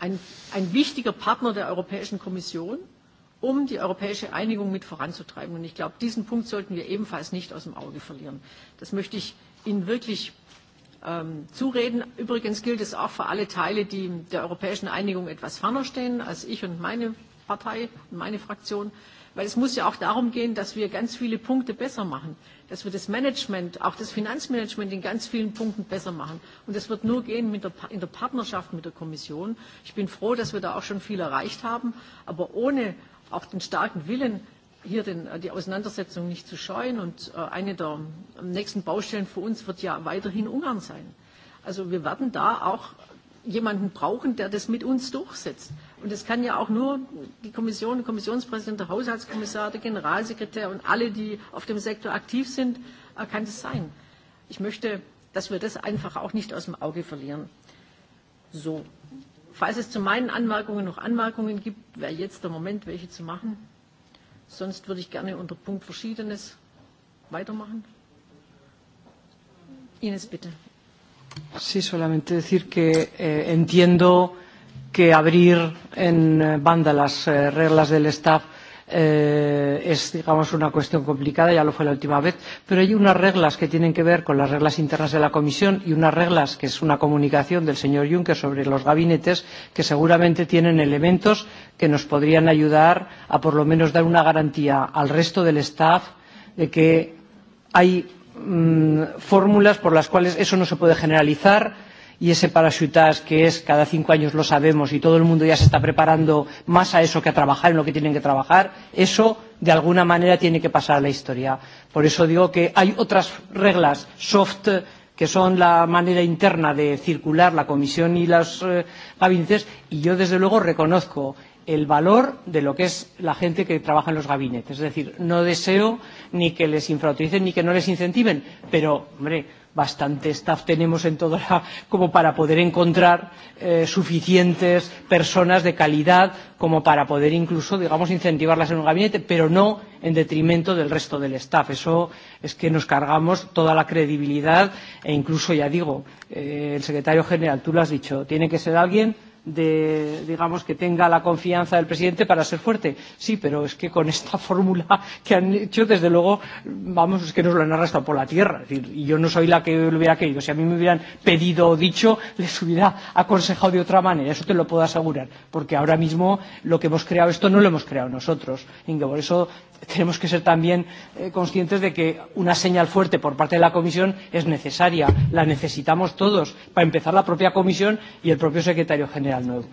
[SPEAKER 1] ein, ein wichtiger Partner der Europäischen Kommission, um die europäische Einigung mit voranzutreiben. Und ich glaube, diesen Punkt sollten wir ebenfalls nicht aus dem Auge verlieren. Das möchte ich Ihnen wirklich ähm, zureden. Übrigens gilt es auch für alle Teile, die der europäischen Einigung etwas ferner stehen als ich und meine Partei, meine Fraktion, weil es muss ja auch darum gehen, dass wir ganz viele Punkte besser machen, dass wir das Management, auch das Finanzmanagement in ganz vielen Punkten besser machen. Und das wird nur gehen mit der, pa-, in der Partnerschaft mit der Kommission. Ich bin froh, dass wir da auch schon viel erreicht haben, aber ohne auch den starken Willen, hier den, die Auseinandersetzung nicht zu scheuen. Und äh, eine der nächsten Baustellen für uns wird ja weiterhin Ungarn sein. Also wir werden da auch jemanden brauchen, der das mit uns durchsetzt. Und das kann ja auch nur die Kommission, der Kommissionspräsident, der Haushaltskommissar, der Generalsekretär und alle, die auf dem Sektor aktiv sind, äh, kann das sein. Ich möchte, dass wir das einfach auch nicht aus dem Auge verlieren. So, falls es zu meinen Anmerkungen noch Anmerkungen gibt, wäre jetzt der Moment, welche zu machen. Sonst würde ich gerne unter Punkt Verschiedenes weitermachen. Ines, bitte.
[SPEAKER 3] Sí, solamente decir que eh, entiendo que abrir en eh, banda las eh, reglas del staff eh, es, digamos, una cuestión complicada, ya lo fue la última vez, pero hay unas reglas que tienen que ver con las reglas internas de la Comisión y unas reglas que es una comunicación del señor Juncker sobre los gabinetes que seguramente tienen elementos que nos podrían ayudar a por lo menos dar una garantía al resto del staff de que hay Mm, fórmulas por las cuales eso no se puede generalizar y ese parachutaje que es cada cinco años lo sabemos y todo el mundo ya se está preparando más a eso que a trabajar en lo que tienen que trabajar, eso de alguna manera tiene que pasar a la historia. Por eso digo que hay otras reglas soft que son la manera interna de circular la comisión y los eh, gabinetes y yo desde luego reconozco el valor de lo que es la gente que trabaja en los gabinetes. Es decir, no deseo ni que les infrautilicen ni que no les incentiven, pero, hombre, bastante staff tenemos en toda la, como para poder encontrar eh, suficientes personas de calidad como para poder incluso, digamos, incentivarlas en un gabinete, pero no en detrimento del resto del staff. Eso es que nos cargamos toda la credibilidad e incluso, ya digo, eh, el secretario general, tú lo has dicho, tiene que ser alguien de digamos que tenga la confianza del presidente para ser fuerte sí pero es que con esta fórmula que han hecho desde luego vamos es que nos lo han arrastrado por la tierra es decir yo no soy la que lo hubiera querido si a mí me hubieran pedido o dicho les hubiera aconsejado de otra manera eso te lo puedo asegurar porque ahora mismo lo que hemos creado esto no lo hemos creado nosotros y por eso tenemos que ser también eh, conscientes de que una señal fuerte por parte de la comisión es necesaria la necesitamos todos para empezar la propia comisión y el propio secretario general nuevo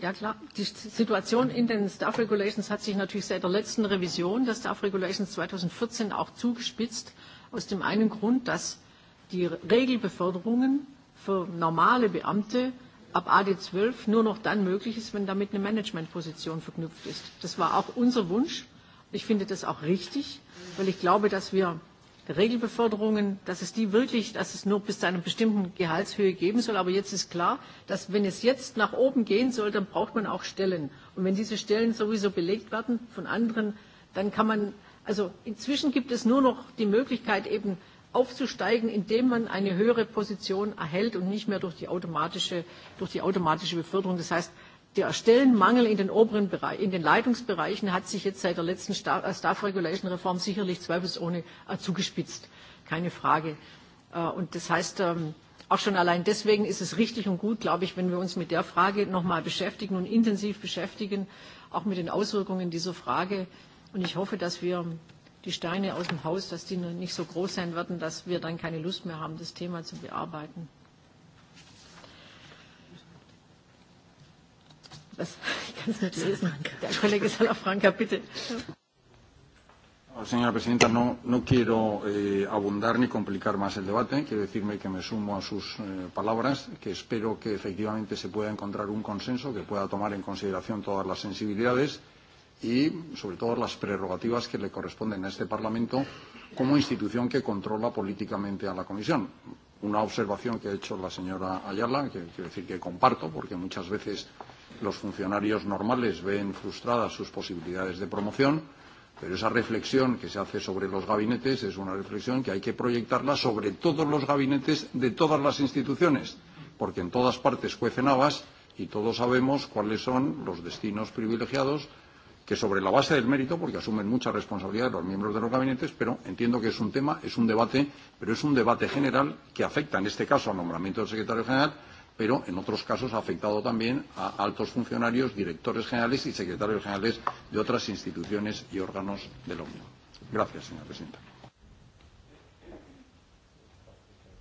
[SPEAKER 1] Ja klar, die Situation in den Staff Regulations hat sich natürlich seit der letzten Revision der Staff Regulations 2014 auch zugespitzt, aus dem einen Grund, dass die Regelbeförderungen für normale Beamte ab AD 12 nur noch dann möglich ist, wenn damit eine Managementposition verknüpft ist. Das war auch unser Wunsch. Ich finde das auch richtig, weil ich glaube, dass wir Regelbeförderungen, dass es die wirklich, dass es nur bis zu einer bestimmten Gehaltshöhe geben soll. Aber jetzt ist klar, dass wenn es jetzt nach oben gehen soll, dann braucht man auch Stellen. Und wenn diese Stellen sowieso belegt werden von anderen, dann kann man, also inzwischen gibt es nur noch die Möglichkeit eben aufzusteigen, indem man eine höhere Position erhält und nicht mehr durch die automatische, durch die automatische Beförderung. Das heißt, der Stellenmangel in den oberen Bereich, in den Leitungsbereichen hat sich jetzt seit der letzten äh, Staff Regulation Reform sicherlich zweifelsohne äh, zugespitzt. Keine Frage. Äh, und das heißt, ähm, auch schon allein deswegen ist es richtig und gut, glaube ich, wenn wir uns mit der Frage nochmal beschäftigen und intensiv beschäftigen, auch mit den Auswirkungen dieser Frage. Und ich hoffe, dass wir die Steine aus dem Haus, dass die nicht so groß sein werden, dass wir dann keine Lust mehr haben, das Thema zu bearbeiten. Das, Ich kann es nicht lesen. Der Kollege Salafranca, bitte.
[SPEAKER 10] Ah, señora presidenta, no, no quiero eh, abundar ni complicar más el debate. Quiero decirme que me sumo a sus eh, palabras, que espero que efectivamente se pueda encontrar un consenso que pueda tomar en consideración todas las sensibilidades y, sobre todo, las prerrogativas que le corresponden a este Parlamento como institución que controla políticamente a la Comisión. Una observación que ha hecho la señora Ayala, que quiero decir que comparto, porque muchas veces los funcionarios normales ven frustradas sus posibilidades de promoción, pero esa reflexión que se hace sobre los gabinetes es una reflexión que hay que proyectarla sobre todos los gabinetes de todas las instituciones, porque en todas partes cuecen habas y todos sabemos cuáles son los destinos privilegiados que sobre la base del mérito, porque asumen mucha responsabilidad los miembros de los gabinetes, pero entiendo que es un tema, es un debate, pero es un debate general que afecta en este caso al nombramiento del secretario general, pero en otros casos ha afectado también a altos funcionarios, directores generales y secretarios generales de otras instituciones y órganos de la Unión. Gracias, señora presidenta.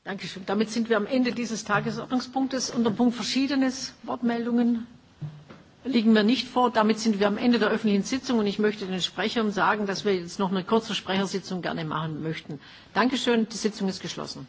[SPEAKER 1] Dankeschön. Damit sind wir am Ende dieses Tagesordnungspunktes. Unter Punkt Verschiedenes, Wortmeldungen liegen mir nicht vor. Damit sind wir am Ende der öffentlichen Sitzung und ich möchte den Sprechern sagen, dass wir jetzt noch eine kurze Sprechersitzung gerne machen möchten. Dankeschön, die Sitzung ist geschlossen.